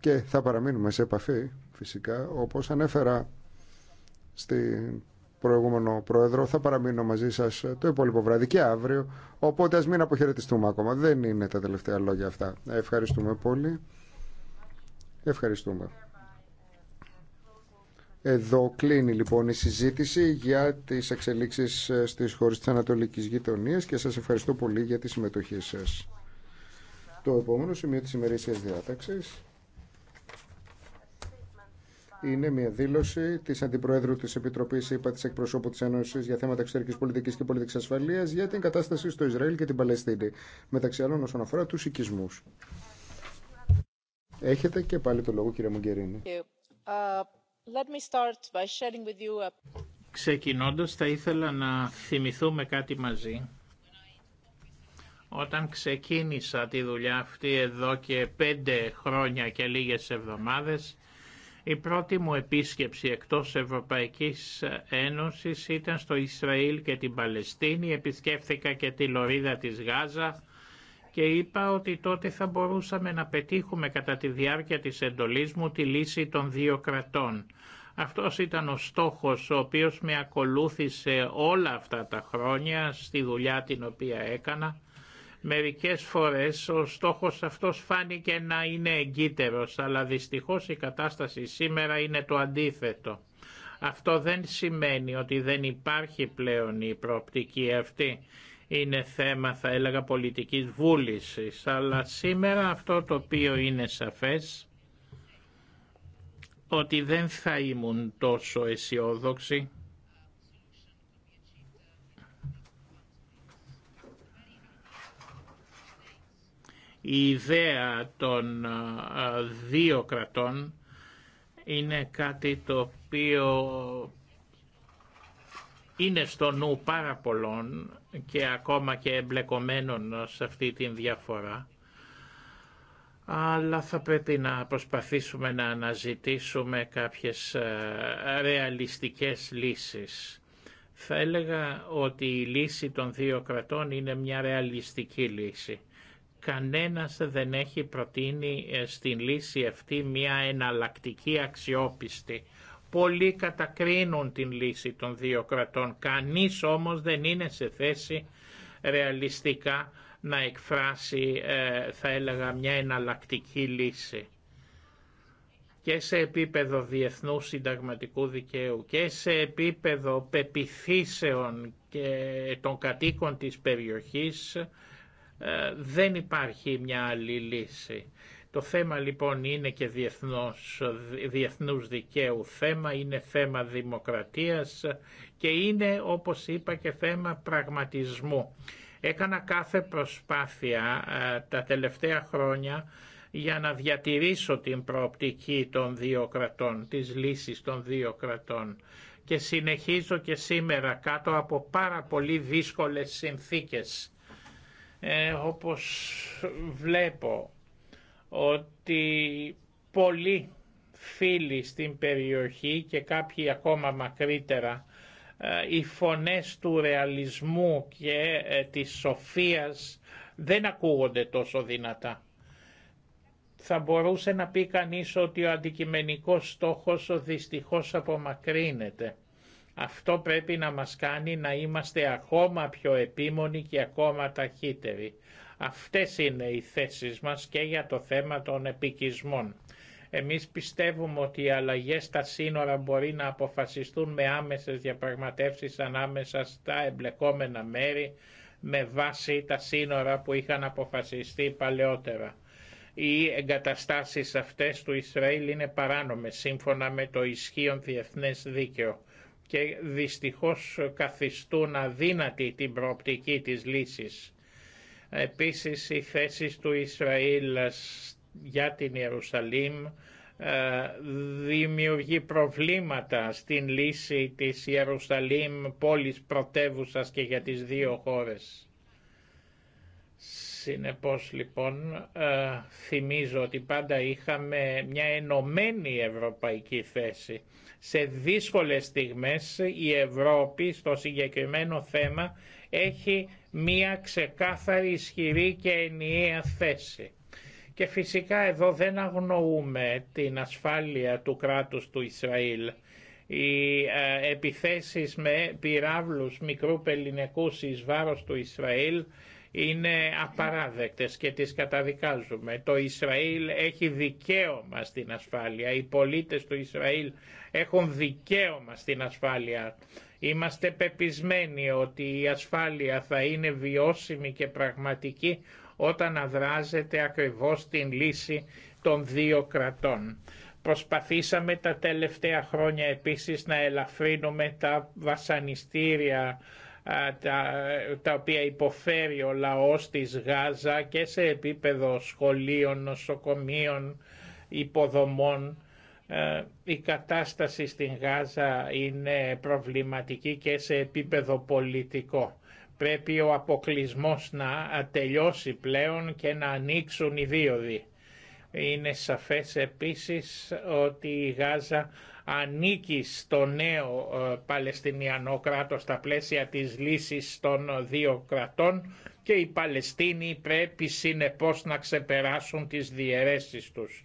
και θα παραμείνουμε σε επαφή φυσικά όπως ανέφερα στην προηγούμενο πρόεδρο. Θα παραμείνω μαζί σα το υπόλοιπο βράδυ και αύριο. Οπότε α μην αποχαιρετιστούμε ακόμα. Δεν είναι τα τελευταία λόγια αυτά. Ευχαριστούμε πολύ. Ευχαριστούμε. Εδώ κλείνει λοιπόν η συζήτηση για τις εξελίξεις στις χώρες της Ανατολικής Γειτονίας και σας ευχαριστώ πολύ για τη συμμετοχή σας. Το επόμενο σημείο της ημερήσιας διάταξης είναι μια δήλωση τη Αντιπροέδρου τη Επιτροπή ΥΠΑ τη Εκπροσώπου τη Ένωση για θέματα εξωτερική πολιτική και πολιτική ασφαλεία για την κατάσταση στο Ισραήλ και την Παλαιστίνη, μεταξύ άλλων όσον αφορά του οικισμού. Έχετε και πάλι το λόγο, κύριε Μουγκερίνη. Uh, Ξεκινώντας, θα ήθελα να θυμηθούμε κάτι μαζί. Όταν ξεκίνησα τη δουλειά αυτή εδώ και πέντε χρόνια και λίγες εβδομάδες, η πρώτη μου επίσκεψη εκτός Ευρωπαϊκής Ένωσης ήταν στο Ισραήλ και την Παλαιστίνη, επισκέφθηκα και τη Λωρίδα της Γάζα και είπα ότι τότε θα μπορούσαμε να πετύχουμε κατά τη διάρκεια της εντολής μου τη λύση των δύο κρατών. Αυτός ήταν ο στόχος ο οποίος με ακολούθησε όλα αυτά τα χρόνια στη δουλειά την οποία έκανα Μερικές φορές ο στόχος αυτός φάνηκε να είναι εγκύτερος, αλλά δυστυχώς η κατάσταση σήμερα είναι το αντίθετο. Αυτό δεν σημαίνει ότι δεν υπάρχει πλέον η προοπτική αυτή. Είναι θέμα, θα έλεγα, πολιτικής βούλησης, αλλά σήμερα αυτό το οποίο είναι σαφές, ότι δεν θα ήμουν τόσο αισιόδοξοι Η ιδέα των δύο κρατών είναι κάτι το οποίο είναι στο νου πάρα πολλών και ακόμα και εμπλεκομένων σε αυτή τη διαφορά. Αλλά θα πρέπει να προσπαθήσουμε να αναζητήσουμε κάποιες ρεαλιστικές λύσεις. Θα έλεγα ότι η λύση των δύο κρατών είναι μια ρεαλιστική λύση κανένας δεν έχει προτείνει ε, στην λύση αυτή μια εναλλακτική αξιόπιστη. Πολλοί κατακρίνουν την λύση των δύο κρατών. Κανείς όμως δεν είναι σε θέση ρεαλιστικά να εκφράσει, ε, θα έλεγα, μια εναλλακτική λύση και σε επίπεδο διεθνού συνταγματικού δικαίου και σε επίπεδο πεπιθήσεων και των κατοίκων της περιοχής ε, δεν υπάρχει μια άλλη λύση. Το θέμα λοιπόν είναι και διεθνώς, διεθνούς δικαίου θέμα, είναι θέμα δημοκρατίας και είναι όπως είπα και θέμα πραγματισμού. Έκανα κάθε προσπάθεια ε, τα τελευταία χρόνια για να διατηρήσω την προοπτική των δύο κρατών, της λύσης των δύο κρατών και συνεχίζω και σήμερα κάτω από πάρα πολύ δύσκολες συνθήκες ε, όπως βλέπω ότι πολλοί φίλοι στην περιοχή και κάποιοι ακόμα μακρύτερα ε, οι φωνές του ρεαλισμού και ε, της σοφίας δεν ακούγονται τόσο δυνατά. Θα μπορούσε να πει κανείς ότι ο αντικειμενικός στόχος δυστυχώς απομακρύνεται. Αυτό πρέπει να μας κάνει να είμαστε ακόμα πιο επίμονοι και ακόμα ταχύτεροι. Αυτές είναι οι θέσεις μας και για το θέμα των επικισμών. Εμείς πιστεύουμε ότι οι αλλαγές στα σύνορα μπορεί να αποφασιστούν με άμεσες διαπραγματεύσεις ανάμεσα στα εμπλεκόμενα μέρη με βάση τα σύνορα που είχαν αποφασιστεί παλαιότερα. Οι εγκαταστάσεις αυτές του Ισραήλ είναι παράνομες σύμφωνα με το ισχύον διεθνές δίκαιο και δυστυχώς καθιστούν αδύνατη την προοπτική της λύσης. Επίσης οι θέση του Ισραήλ για την Ιερουσαλήμ ε, δημιουργεί προβλήματα στην λύση της Ιερουσαλήμ πόλης πρωτεύουσας και για τις δύο χώρες. Συνεπώς λοιπόν ε, θυμίζω ότι πάντα είχαμε μια ενωμένη ευρωπαϊκή θέση. Σε δύσκολες στιγμές η Ευρώπη στο συγκεκριμένο θέμα έχει μια ξεκάθαρη ισχυρή και ενιαία θέση. Και φυσικά εδώ δεν αγνοούμε την ασφάλεια του κράτους του Ισραήλ. Οι ε, επιθέσεις με πυράβλους μικρού πελληνικού εις του Ισραήλ είναι απαράδεκτες και τις καταδικάζουμε. Το Ισραήλ έχει δικαίωμα στην ασφάλεια. Οι πολίτες του Ισραήλ έχουν δικαίωμα στην ασφάλεια. Είμαστε πεπισμένοι ότι η ασφάλεια θα είναι βιώσιμη και πραγματική όταν αδράζεται ακριβώς την λύση των δύο κρατών. Προσπαθήσαμε τα τελευταία χρόνια επίσης να ελαφρύνουμε τα βασανιστήρια τα, οποία υποφέρει ο λαός της Γάζα και σε επίπεδο σχολείων, νοσοκομείων, υποδομών. Η κατάσταση στην Γάζα είναι προβληματική και σε επίπεδο πολιτικό. Πρέπει ο αποκλισμός να τελειώσει πλέον και να ανοίξουν οι δίωδοι. Είναι σαφές επίσης ότι η Γάζα ανήκει στο νέο ε, Παλαιστινιανό κράτος στα πλαίσια της λύσης των δύο κρατών και οι Παλαιστίνοι πρέπει συνεπώς να ξεπεράσουν τις διαιρέσεις τους.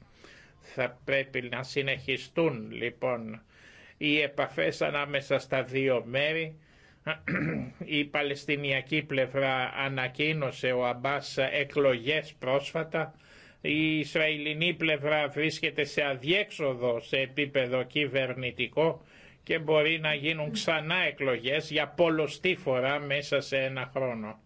Θα πρέπει να συνεχιστούν λοιπόν οι επαφές ανάμεσα στα δύο μέρη. Η Παλαιστινιακή πλευρά ανακοίνωσε ο Αμπάς εκλογές πρόσφατα η Ισραηλινή πλευρά βρίσκεται σε αδιέξοδο σε επίπεδο κυβερνητικό και μπορεί να γίνουν ξανά εκλογές για πολλωστή φορά μέσα σε ένα χρόνο.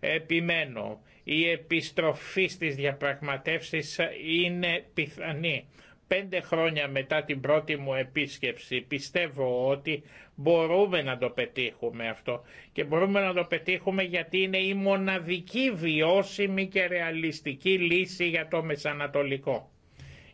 Επιμένω, η επιστροφή στις διαπραγματεύσεις είναι πιθανή πέντε χρόνια μετά την πρώτη μου επίσκεψη πιστεύω ότι μπορούμε να το πετύχουμε αυτό και μπορούμε να το πετύχουμε γιατί είναι η μοναδική βιώσιμη και ρεαλιστική λύση για το Μεσανατολικό.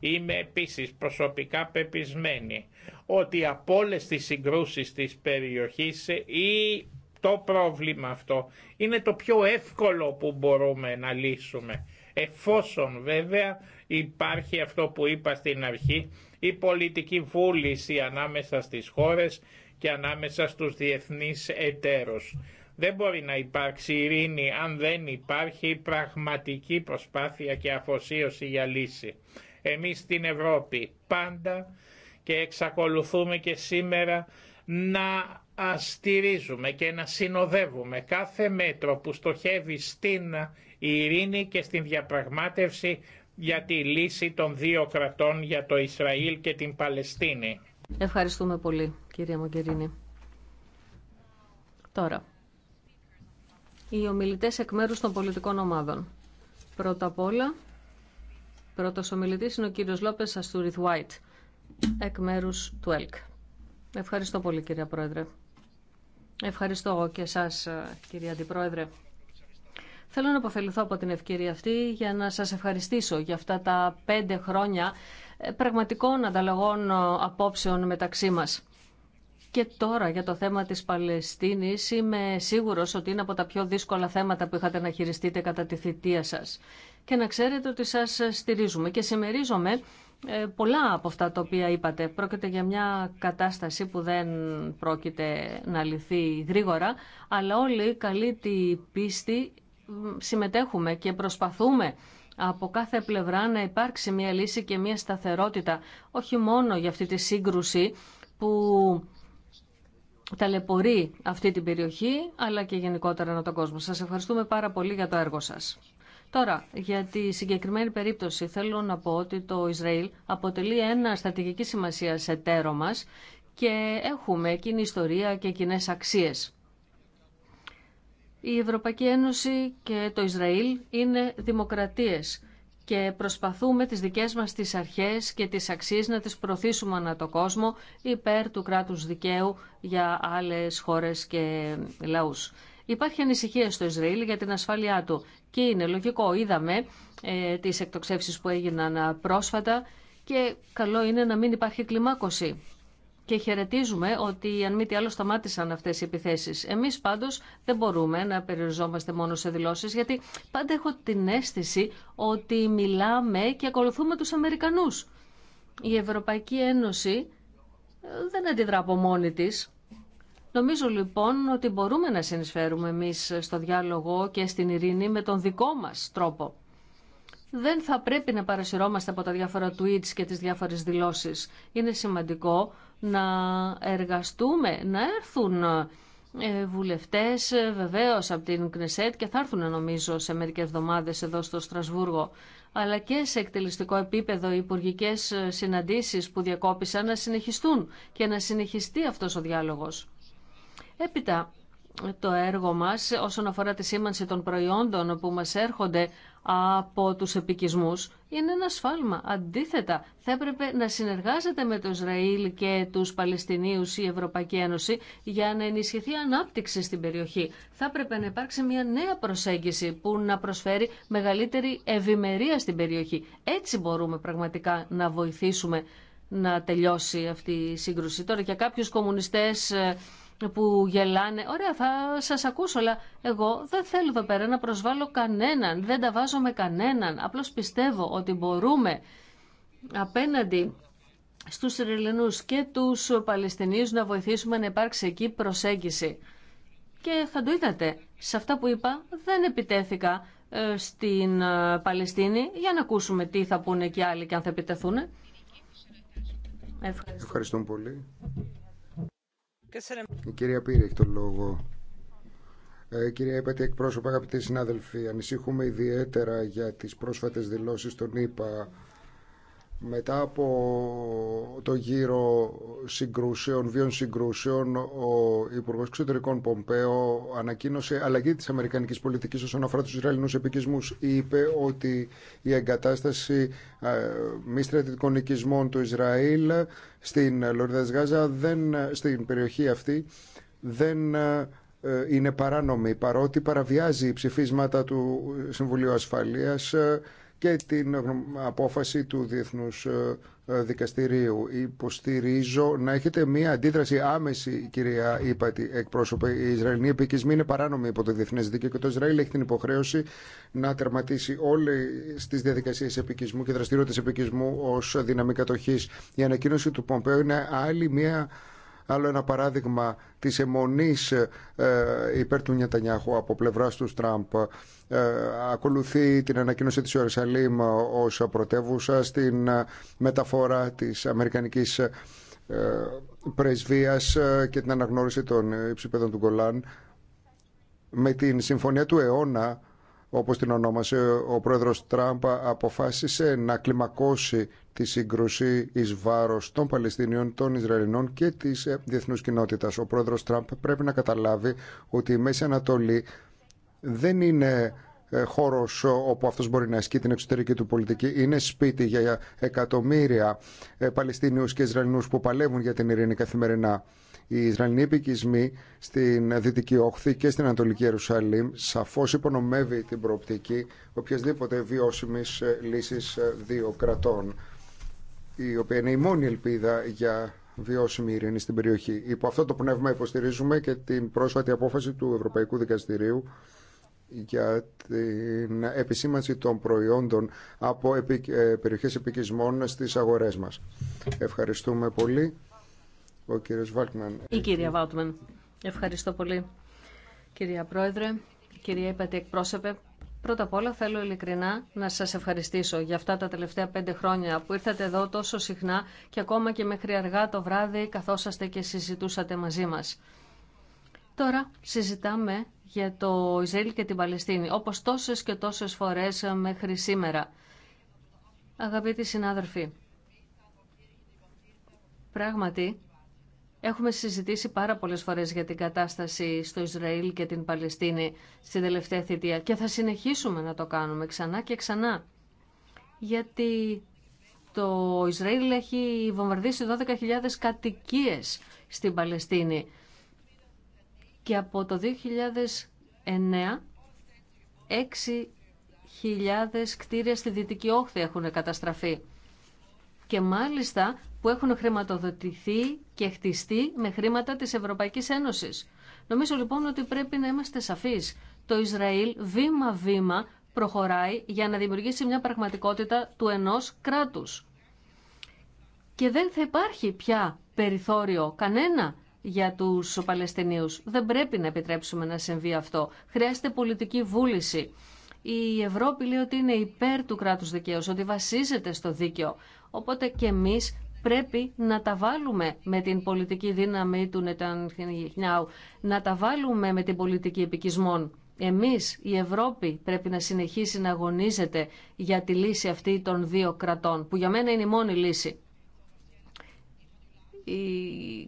Είμαι επίσης προσωπικά πεπισμένη ότι από όλε τις συγκρούσεις της περιοχής ή το πρόβλημα αυτό είναι το πιο εύκολο που μπορούμε να λύσουμε εφόσον βέβαια υπάρχει αυτό που είπα στην αρχή, η πολιτική βούληση ανάμεσα στις χώρες και ανάμεσα στους διεθνείς εταίρους. Δεν μπορεί να υπάρξει ειρήνη αν δεν υπάρχει πραγματική προσπάθεια και αφοσίωση για λύση. Εμείς στην Ευρώπη πάντα και εξακολουθούμε και σήμερα να στηρίζουμε και να συνοδεύουμε κάθε μέτρο που στοχεύει στην ειρήνη και στην διαπραγμάτευση για τη λύση των δύο κρατών για το Ισραήλ και την Παλαιστίνη. Ευχαριστούμε πολύ, κυρία Μογκερίνη. Τώρα, οι ομιλητές εκ μέρους των πολιτικών ομάδων. Πρώτα απ' όλα, πρώτος ομιλητής είναι ο κύριος Λόπες Αστούριθ Βάιτ, εκ μέρους του ΕΛΚ. Ευχαριστώ πολύ, κυρία Πρόεδρε. Ευχαριστώ και εσάς, ε, κυρία Αντιπρόεδρε. Θέλω να αποφεληθώ από την ευκαιρία αυτή για να σας ευχαριστήσω για αυτά τα πέντε χρόνια ε, πραγματικών ανταλλαγών ε, απόψεων μεταξύ μας. Και τώρα για το θέμα της Παλαιστίνης είμαι σίγουρος ότι είναι από τα πιο δύσκολα θέματα που είχατε να χειριστείτε κατά τη θητεία σας. Και να ξέρετε ότι σας στηρίζουμε και συμμερίζομαι ε, πολλά από αυτά τα οποία είπατε. Πρόκειται για μια κατάσταση που δεν πρόκειται να λυθεί γρήγορα, αλλά όλοι καλή τη πίστη συμμετέχουμε και προσπαθούμε από κάθε πλευρά να υπάρξει μια λύση και μια σταθερότητα, όχι μόνο για αυτή τη σύγκρουση που ταλαιπωρεί αυτή την περιοχή, αλλά και γενικότερα ανά τον κόσμο. Σας ευχαριστούμε πάρα πολύ για το έργο σας. Τώρα, για τη συγκεκριμένη περίπτωση θέλω να πω ότι το Ισραήλ αποτελεί ένα στρατηγική σημασία σε τέρο μας και έχουμε κοινή ιστορία και κοινέ αξίες. Η Ευρωπαϊκή Ένωση και το Ισραήλ είναι δημοκρατίες και προσπαθούμε τις δικές μας τις αρχές και τις αξίες να τις προωθήσουμε ανά το κόσμο υπέρ του κράτους δικαίου για άλλες χώρες και λαούς. Υπάρχει ανησυχία στο Ισραήλ για την ασφάλειά του και είναι λογικό. Είδαμε ε, τις εκτοξεύσεις που έγιναν πρόσφατα και καλό είναι να μην υπάρχει κλιμάκωση και χαιρετίζουμε ότι αν μη τι άλλο σταμάτησαν αυτέ οι επιθέσεις. Εμείς πάντω δεν μπορούμε να περιοριζόμαστε μόνο σε δηλώσει, γιατί πάντα έχω την αίσθηση ότι μιλάμε και ακολουθούμε τους Αμερικανούς. Η Ευρωπαϊκή Ένωση ε, δεν αντιδρά από μόνη τη. Νομίζω λοιπόν ότι μπορούμε να συνεισφέρουμε εμείς στο διάλογο και στην ειρήνη με τον δικό μας τρόπο δεν θα πρέπει να παρασυρώμαστε από τα διάφορα tweets και τις διάφορες δηλώσεις. Είναι σημαντικό να εργαστούμε, να έρθουν ε, βουλευτές ε, βεβαίως από την Κνεσέτ και θα έρθουν νομίζω σε μερικές εβδομάδες εδώ στο Στρασβούργο αλλά και σε εκτελεστικό επίπεδο οι υπουργικέ ε, συναντήσεις που διακόπησαν να συνεχιστούν και να συνεχιστεί αυτός ο διάλογος. Έπειτα, το έργο μας όσον αφορά τη σήμανση των προϊόντων που μας έρχονται από τους επικισμούς είναι ένα σφάλμα. Αντίθετα, θα έπρεπε να συνεργάζεται με το Ισραήλ και τους Παλαιστινίους η Ευρωπαϊκή Ένωση για να ενισχυθεί η ανάπτυξη στην περιοχή. Θα έπρεπε να υπάρξει μια νέα προσέγγιση που να προσφέρει μεγαλύτερη ευημερία στην περιοχή. Έτσι μπορούμε πραγματικά να βοηθήσουμε να τελειώσει αυτή η σύγκρουση. Τώρα για κάποιους κομμουνιστές ε, που γελάνε. Ωραία, θα σας ακούσω, αλλά εγώ δεν θέλω εδώ πέρα να προσβάλλω κανέναν, δεν τα βάζω με κανέναν. Απλώς πιστεύω ότι μπορούμε απέναντι στους Ιρλανούς και τους Παλαιστινίου να βοηθήσουμε να υπάρξει εκεί προσέγγιση. Και θα το είδατε, σε αυτά που είπα δεν επιτέθηκα ε, στην ε, Παλαιστίνη για να ακούσουμε τι θα πούνε και άλλοι και αν θα επιτεθούν. Ευχαριστώ. πολύ. Η κυρία Πύρη έχει το λόγο. Ε, κυρία Επέτη, εκπρόσωπα, αγαπητοί συνάδελφοι, ανησυχούμε ιδιαίτερα για τις πρόσφατες δηλώσεις των ΗΠΑ μετά από το γύρο συγκρούσεων, βίων συγκρούσεων, ο Υπουργό Εξωτερικών Πομπέο ανακοίνωσε αλλαγή τη Αμερικανική πολιτική όσον αφορά του Ισραηλινού επικισμού. Είπε ότι η εγκατάσταση ε, μη στρατητικών οικισμών του Ισραήλ στην Λωρίδα Γάζα, δεν, στην περιοχή αυτή, δεν ε, είναι παράνομη, παρότι παραβιάζει ψηφίσματα του Συμβουλίου Ασφαλείας ε, και την απόφαση του Διεθνούς ε, ε, Δικαστηρίου. Υποστηρίζω να έχετε μία αντίδραση άμεση, κυρία Ήπατη, εκπρόσωπε. Η Ισραηλινή επικισμοί είναι παράνομη υπό το Διεθνές Δίκαιο και το Ισραήλ έχει την υποχρέωση να τερματίσει όλε τι διαδικασίε επικισμού και δραστηριότητε επικισμού ω δυναμή κατοχή. Η ανακοίνωση του Πομπέου είναι άλλη μία Άλλο ένα παράδειγμα της αιμονής ε, υπέρ του Νιατανιάχου από πλευράς του Τραμπ ε, ακολουθεί την ανακοίνωση της Ιερουσαλήμ ως πρωτεύουσα στην ε, μεταφορά της Αμερικανικής πρεσβείας και την αναγνώριση των υψηπέδων του Κολάν. με την συμφωνία του αιώνα όπως την ονόμασε ο πρόεδρος Τραμπ αποφάσισε να κλιμακώσει τη σύγκρουση ει βάρο των Παλαιστινίων, των Ισραηλινών και τη ε, διεθνού κοινότητα. Ο πρόεδρο Τραμπ πρέπει να καταλάβει ότι η Μέση Ανατολή δεν είναι ε, χώρο όπου αυτό μπορεί να ασκεί την εξωτερική του πολιτική. Είναι σπίτι για εκατομμύρια ε, παλαιστινίου και Ισραηλινούς που παλεύουν για την ειρήνη καθημερινά. Οι Ισραηλινοί επικισμοί στην Δυτική Όχθη και στην Ανατολική Ιερουσαλήμ σαφώ υπονομεύει την προοπτική οποιασδήποτε βιώσιμη λύση δύο κρατών η οποία είναι η μόνη ελπίδα για βιώσιμη ειρήνη στην περιοχή. Υπό αυτό το πνεύμα υποστηρίζουμε και την πρόσφατη απόφαση του Ευρωπαϊκού Δικαστηρίου για την επισήμανση των προϊόντων από ε, περιοχές επικισμών στις αγορές μας. Ευχαριστούμε πολύ. Ο κύριος Βάλτμαν. Η κυρία Βάλτμαν. Ευχαριστώ πολύ. Κυρία Πρόεδρε, κυρία Υπατή Εκπρόσωπε, Πρώτα απ' όλα θέλω ειλικρινά να σας ευχαριστήσω για αυτά τα τελευταία πέντε χρόνια που ήρθατε εδώ τόσο συχνά και ακόμα και μέχρι αργά το βράδυ καθόσαστε και συζητούσατε μαζί μας. Τώρα συζητάμε για το Ισραήλ και την Παλαιστίνη, όπως τόσες και τόσες φορές μέχρι σήμερα. Αγαπητοί συνάδελφοι, πράγματι Έχουμε συζητήσει πάρα πολλές φορές για την κατάσταση στο Ισραήλ και την Παλαιστίνη στην τελευταία θητεία και θα συνεχίσουμε να το κάνουμε ξανά και ξανά. Γιατί το Ισραήλ έχει βομβαρδίσει 12.000 κατοικίε στην Παλαιστίνη και από το 2009 6.000 κτίρια στη Δυτική Όχθη έχουν καταστραφεί. Και μάλιστα που έχουν χρηματοδοτηθεί και χτιστεί με χρήματα της Ευρωπαϊκής Ένωσης. Νομίζω λοιπόν ότι πρέπει να είμαστε σαφείς. Το Ισραήλ βήμα-βήμα προχωράει για να δημιουργήσει μια πραγματικότητα του ενός κράτους. Και δεν θα υπάρχει πια περιθώριο κανένα για τους Παλαιστινίους. Δεν πρέπει να επιτρέψουμε να συμβεί αυτό. Χρειάζεται πολιτική βούληση. Η Ευρώπη λέει ότι είναι υπέρ του κράτους δικαίου, ότι βασίζεται στο δίκαιο. Οπότε και εμείς πρέπει να τα βάλουμε με την πολιτική δύναμη του Νετανιάου, να τα βάλουμε με την πολιτική επικισμών. Εμείς, η Ευρώπη, πρέπει να συνεχίσει να αγωνίζεται για τη λύση αυτή των δύο κρατών, που για μένα είναι η μόνη λύση. Η...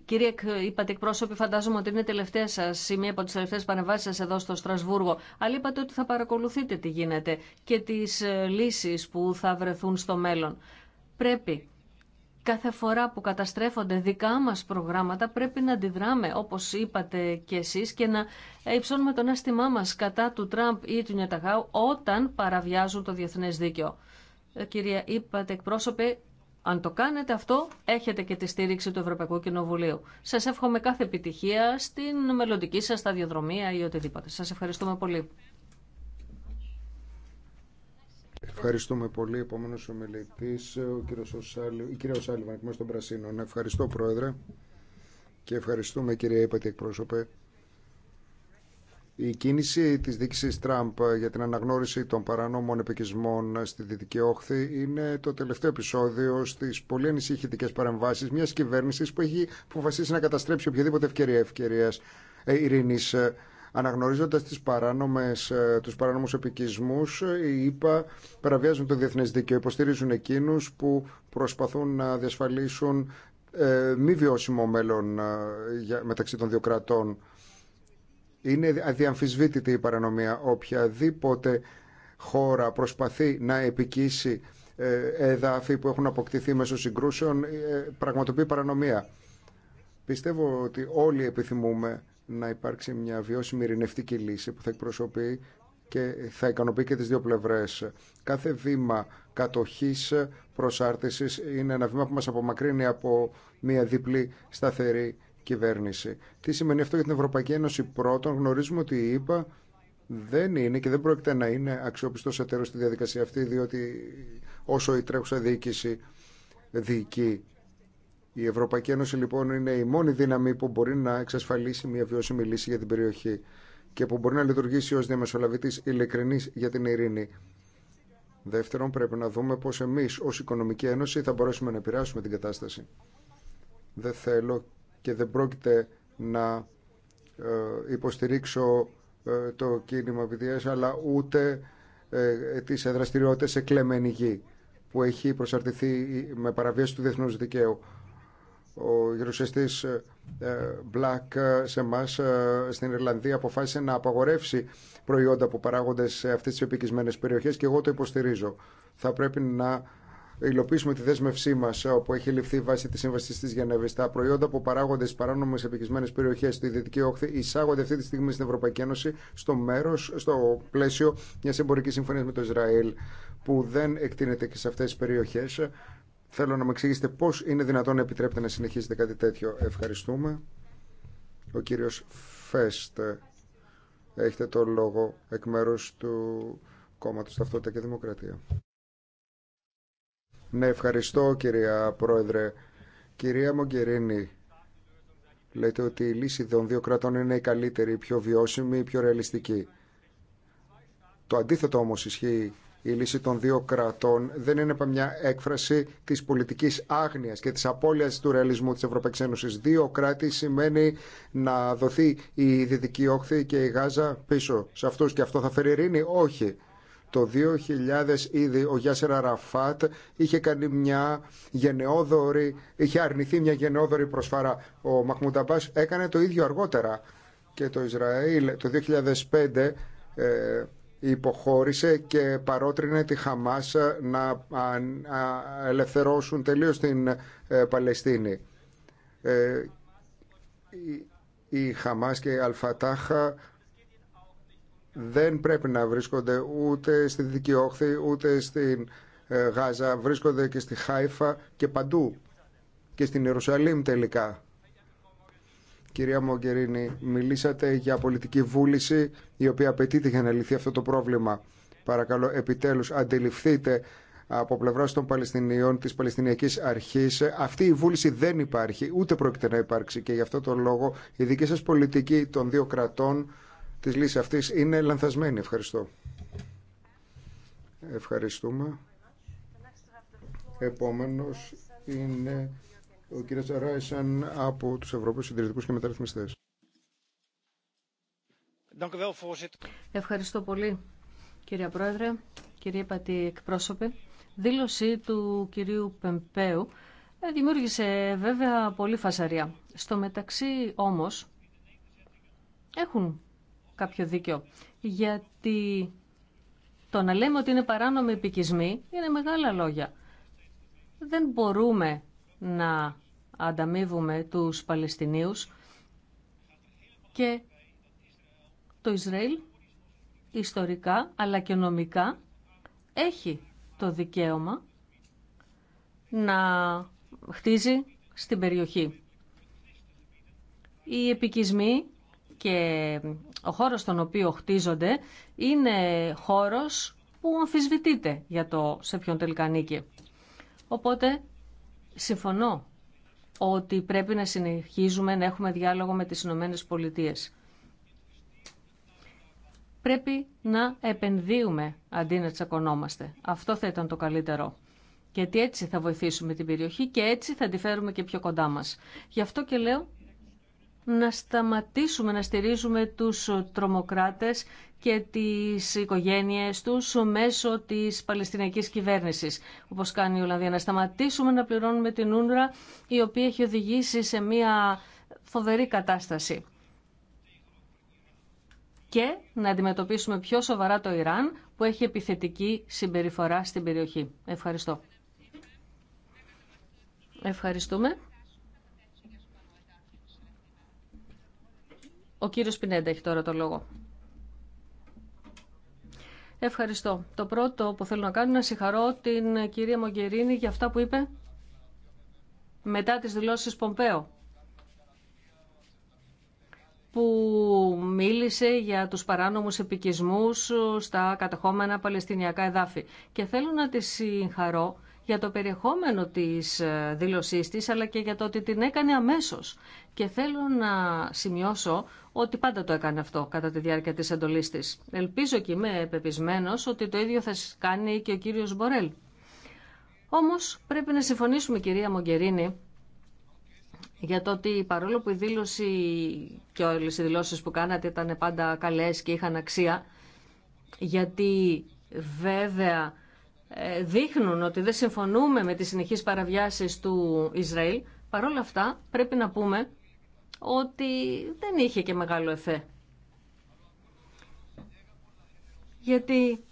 Κύριε, είπατε εκπρόσωποι, φαντάζομαι ότι είναι τελευταία σα, η μία από τι τελευταίε παρεμβάσει σα εδώ στο Στρασβούργο. Αλλά είπατε ότι θα παρακολουθείτε τι γίνεται και τι ε, λύσει που θα βρεθούν στο μέλλον. Πρέπει Κάθε φορά που καταστρέφονται δικά μας προγράμματα πρέπει να αντιδράμε, όπως είπατε και εσείς, και να ε, υψώνουμε τον αίσθημά μας κατά του Τραμπ ή του Νιαταγάου όταν παραβιάζουν το διεθνές δίκαιο. Ε, κυρία, είπατε εκπρόσωπε, αν το κάνετε αυτό, έχετε και τη στήριξη του Ευρωπαϊκού Κοινοβουλίου. Σας εύχομαι κάθε επιτυχία στην μελλοντική σας σταδιοδρομία ή οτιδήποτε. Σας ευχαριστούμε πολύ. Ευχαριστούμε πολύ. Επόμενο ο μιλητή, ο κύριο Σάλιβαν, εκ μέρου των Πρασίνων. Ευχαριστώ, Πρόεδρε. Και ευχαριστούμε, κυρία Ήπατη, εκπρόσωπε. Η κίνηση τη δίκηση Τραμπ για την αναγνώριση των παρανόμων επικισμών στη Δυτική Όχθη είναι το τελευταίο επεισόδιο στι πολύ ανησυχητικέ παρεμβάσει μια κυβέρνηση που έχει αποφασίσει να καταστρέψει οποιαδήποτε ευκαιρία ευκαιρία ε, ειρήνη ε, Αναγνωρίζοντας τις παράνομες, ε, τους παράνομους επικισμούς, ε, οι ΗΠΑ παραβιάζουν το διεθνές δίκαιο, υποστηρίζουν εκείνους που προσπαθούν να διασφαλίσουν ε, μη βιώσιμο μέλλον μεταξύ των δύο κρατών. Είναι αδιαμφισβήτητη η παρανομία. Οποιαδήποτε χώρα προσπαθεί να επικίσει εδάφη που έχουν αποκτηθεί μέσω συγκρούσεων πραγματοποιεί παρανομία. Πιστεύω ότι όλοι επιθυμούμε να υπάρξει μια βιώσιμη ειρηνευτική λύση που θα εκπροσωπεί και θα ικανοποιεί και τις δύο πλευρές. Κάθε βήμα κατοχής προσάρτησης είναι ένα βήμα που μας απομακρύνει από μια διπλή σταθερή κυβέρνηση. Τι σημαίνει αυτό για την Ευρωπαϊκή Ένωση πρώτον. Γνωρίζουμε ότι η ΕΠΑ δεν είναι και δεν πρόκειται να είναι αξιόπιστος εταίρος στη διαδικασία αυτή διότι όσο η τρέχουσα διοίκηση διοικεί η Ευρωπαϊκή Ένωση λοιπόν είναι η μόνη δύναμη που μπορεί να εξασφαλίσει μια βιώσιμη λύση για την περιοχή και που μπορεί να λειτουργήσει ως διαμεσολαβητής ειλικρινής για την ειρήνη. Δεύτερον, πρέπει να δούμε πώς εμείς ως Οικονομική Ένωση θα μπορέσουμε να επηρεάσουμε την κατάσταση. Δεν θέλω και δεν πρόκειται να ε, υποστηρίξω ε, το κίνημα επιδίας, αλλά ούτε ε, τις δραστηριότητες σε κλεμμένη γη που έχει προσαρτηθεί με παραβίαση του διεθνούς δικαίου ο γερουσιαστής Μπλακ ε, ε, ε, σε εμά στην Ιρλανδία αποφάσισε να απαγορεύσει προϊόντα που παράγονται σε αυτές τις επικισμένες περιοχές και εγώ το υποστηρίζω. Θα πρέπει να υλοποιήσουμε τη δέσμευσή μα όπου έχει ληφθεί βάση τη Σύμβαση τη Γενέβη. Τα προϊόντα που παράγονται στι παράνομε επικισμένε περιοχέ στη Δυτική Όχθη εισάγονται αυτή τη στιγμή στην Ευρωπαϊκή Ένωση στο, μέρος, στο πλαίσιο μια εμπορική συμφωνία με το Ισραήλ που δεν εκτείνεται και σε αυτέ τι περιοχέ Θέλω να μου εξηγήσετε πώς είναι δυνατόν να επιτρέπετε να συνεχίζετε κάτι τέτοιο. Ευχαριστούμε. Ο κύριος Φέστ, έχετε το λόγο εκ μέρου του κόμματο Ταυτότητα και Δημοκρατία. Ναι, ευχαριστώ κυρία Πρόεδρε. Κυρία Μογκερίνη, λέτε ότι η λύση των δύο κρατών είναι η καλύτερη, η πιο βιώσιμη, η πιο ρεαλιστική. Το αντίθετο όμως ισχύει η λύση των δύο κρατών δεν είναι μια έκφραση της πολιτικής άγνοιας και της απώλειας του ρεαλισμού της Ευρωπαϊκής Ένωσης. Δύο κράτη σημαίνει να δοθεί η Δυτική Όχθη και η Γάζα πίσω σε αυτούς και αυτό θα φέρει ειρήνη. Όχι. Το 2000 ήδη ο Γιάσερ Αραφάτ είχε κάνει μια γενναιόδορη, είχε αρνηθεί μια γενναιόδορη προσφαρά. Ο Μαχμουνταμπάς έκανε το ίδιο αργότερα και το Ισραήλ το 2005 ε, υποχώρησε και παρότρινε τη Χαμάσα να ελευθερώσουν τελείως την ε, Παλαιστίνη. Ε, η Χαμάς και η Αλφατάχα δεν πρέπει να βρίσκονται ούτε στη δική ούτε στην ε, Γάζα. Βρίσκονται και στη Χάιφα και παντού. Και στην Ιερουσαλήμ τελικά. Κυρία Μογκερίνη, μιλήσατε για πολιτική βούληση η οποία απαιτείται για να λυθεί αυτό το πρόβλημα. Παρακαλώ, επιτέλους, αντιληφθείτε από πλευράς των Παλαιστινίων της Παλαιστινιακής Αρχής. Αυτή η βούληση δεν υπάρχει, ούτε πρόκειται να υπάρξει και γι' αυτό τον λόγο η δική σας πολιτική των δύο κρατών της λύση αυτής είναι λανθασμένη. Ευχαριστώ. Ευχαριστούμε. Επόμενος είναι ο κ. Ράισεν από τους Ευρωπαίους Συντηρητικούς και Μεταρρυθμιστές. Ευχαριστώ πολύ, κύριε Πρόεδρε, κύριε Πατή εκπρόσωπε. Δήλωση του κυρίου Πεμπέου ε, δημιούργησε βέβαια πολύ φασαρία. Στο μεταξύ όμως έχουν κάποιο δίκιο, γιατί το να λέμε ότι είναι παράνομοι επικισμοί είναι μεγάλα λόγια. Δεν μπορούμε να ανταμείβουμε τους Παλαιστινίους και το Ισραήλ ιστορικά αλλά και νομικά έχει το δικαίωμα να χτίζει στην περιοχή. Οι επικισμοί και ο χώρος στον οποίο χτίζονται είναι χώρος που αμφισβητείται για το σε ποιον τελικά νίκη. Οπότε συμφωνώ ότι πρέπει να συνεχίζουμε να έχουμε διάλογο με τις Ηνωμένε Πολιτείες. Πρέπει να επενδύουμε αντί να τσακωνόμαστε. Αυτό θα ήταν το καλύτερο. Γιατί έτσι θα βοηθήσουμε την περιοχή και έτσι θα τη φέρουμε και πιο κοντά μας. Γι' αυτό και λέω να σταματήσουμε να στηρίζουμε τους τρομοκράτες και τις οικογένειες τους μέσω της Παλαιστινιακής κυβέρνησης, όπως κάνει η Ολλανδία. Να σταματήσουμε να πληρώνουμε την Ούνρα, η οποία έχει οδηγήσει σε μια φοβερή κατάσταση. Και να αντιμετωπίσουμε πιο σοβαρά το Ιράν, που έχει επιθετική συμπεριφορά στην περιοχή. Ευχαριστώ. Ευχαριστούμε. Ο κύριος Πινέντα έχει τώρα το λόγο. Ευχαριστώ. Το πρώτο που θέλω να κάνω είναι να συγχαρώ την κυρία Μογκερίνη για αυτά που είπε μετά τις δηλώσεις Πομπέο που μίλησε για τους παράνομους επικισμούς στα κατεχόμενα Παλαιστινιακά εδάφη. Και θέλω να τη συγχαρώ για το περιεχόμενο της δήλωσής της, αλλά και για το ότι την έκανε αμέσως. Και θέλω να σημειώσω ότι πάντα το έκανε αυτό κατά τη διάρκεια της εντολής της. Ελπίζω και είμαι πεπισμένος ότι το ίδιο θα κάνει και ο κύριος Μπορέλ. Όμως πρέπει να συμφωνήσουμε κυρία Μογκερίνη για το ότι παρόλο που η δήλωση και όλε οι δηλώσεις που κάνατε ήταν πάντα καλές και είχαν αξία γιατί βέβαια ε, δείχνουν ότι δεν συμφωνούμε με τις συνεχείς παραβιάσεις του Ισραήλ παρόλα αυτά πρέπει να πούμε ότι δεν είχε και μεγάλο εφέ. Γιατί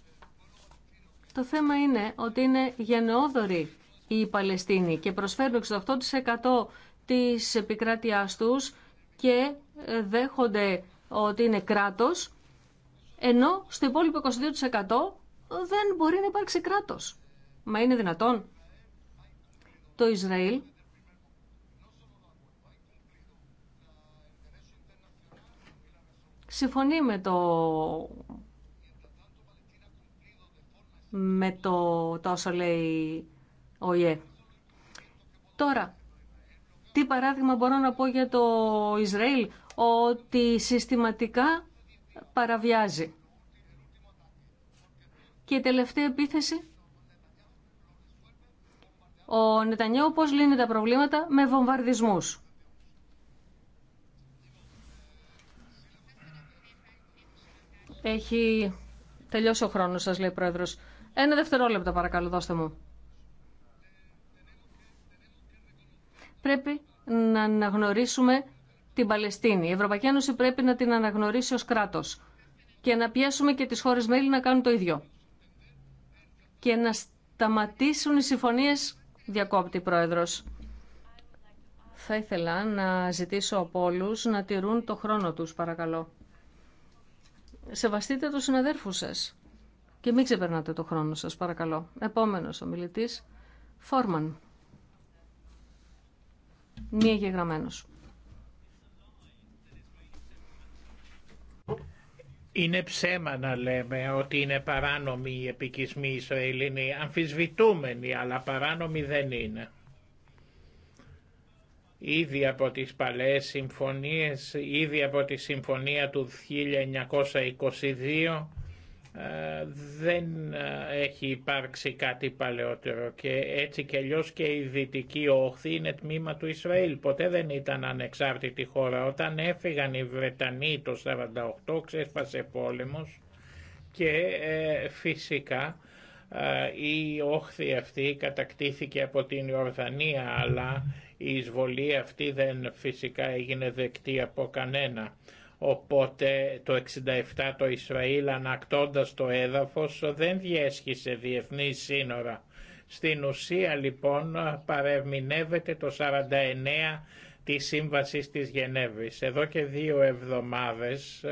το θέμα είναι ότι είναι γενναιόδοροι οι Παλαιστίνοι και προσφέρουν 68% της επικράτειάς τους και ε, δέχονται ότι είναι κράτος, ενώ στο υπόλοιπο 22% δεν μπορεί να υπάρξει κράτος. Μα είναι δυνατόν. Το Ισραήλ συμφωνεί με το με το, το λέει ο ΙΕ. Τώρα, τι παράδειγμα μπορώ να πω για το Ισραήλ, ότι συστηματικά παραβιάζει. Και η τελευταία επίθεση, ο Νετανιάου πώς λύνει τα προβλήματα με βομβαρδισμούς. Έχει τελειώσει ο χρόνος σας, λέει ο Πρόεδρος. Ένα δευτερόλεπτο παρακαλώ, δώστε μου. Πρέπει να αναγνωρίσουμε την Παλαιστίνη. Η Ευρωπαϊκή Ένωση πρέπει να την αναγνωρίσει ως κράτος και να πιέσουμε και τις χώρες μέλη να κάνουν το ίδιο. Και να σταματήσουν οι συμφωνίες, διακόπτη Πρόεδρος. Θα ήθελα να ζητήσω από όλους να τηρούν το χρόνο τους, παρακαλώ σεβαστείτε τους συναδέρφους σας και μην ξεπερνάτε το χρόνο σας, παρακαλώ. Επόμενος ο μιλητής, Φόρμαν. μία εγγεγραμμένος. Είναι ψέμα να λέμε ότι είναι παράνομοι οι επικισμοί Ισραηλινοί, αμφισβητούμενοι, αλλά παράνομοι δεν είναι ήδη από τις παλαιές συμφωνίες, ήδη από τη συμφωνία του 1922 ε, δεν ε, έχει υπάρξει κάτι παλαιότερο και έτσι και αλλιώς και η Δυτική Όχθη είναι τμήμα του Ισραήλ. Ποτέ δεν ήταν ανεξάρτητη χώρα. Όταν έφυγαν οι Βρετανοί το 1948 ξέσπασε πόλεμος και ε, φυσικά η όχθη αυτή κατακτήθηκε από την Ιορδανία αλλά η εισβολή αυτή δεν φυσικά έγινε δεκτή από κανένα. Οπότε το 67 το Ισραήλ ανακτώντας το έδαφος δεν διέσχισε διεθνή σύνορα. Στην ουσία λοιπόν παρεμεινεύεται το 49 τη σύμβαση της Γενέβης. Εδώ και δύο εβδομάδες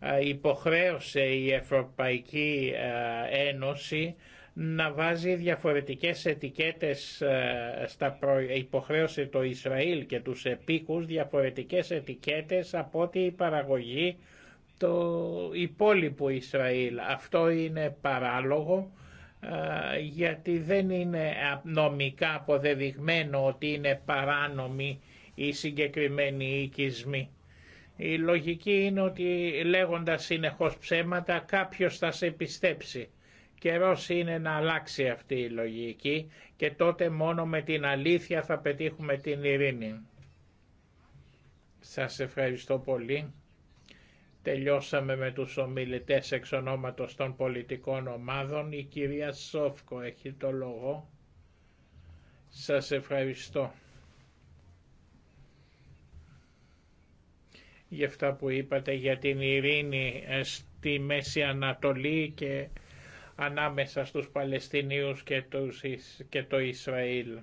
ε, υποχρέωσε η Ευρωπαϊκή ε, Ένωση να βάζει διαφορετικές ετικέτες ε, στα προ... υποχρέωσε το Ισραήλ και τους επίκους διαφορετικές ετικέτες από ότι η παραγωγή το υπόλοιπο Ισραήλ. Αυτό είναι παράλογο ε, γιατί δεν είναι νομικά αποδεδειγμένο ότι είναι παράνομη η συγκεκριμένοι οικισμοί. Η λογική είναι ότι λέγοντας συνεχώς ψέματα κάποιος θα σε πιστέψει. Καιρό είναι να αλλάξει αυτή η λογική και τότε μόνο με την αλήθεια θα πετύχουμε την ειρήνη. Σας ευχαριστώ πολύ. Τελειώσαμε με τους ομιλητές εξ ονόματος των πολιτικών ομάδων. Η κυρία Σόφκο έχει το λόγο. Σας ευχαριστώ. για αυτά που είπατε για την ειρήνη ε, στη Μέση Ανατολή και ανάμεσα στους Παλαιστινίους και το Ισραήλ.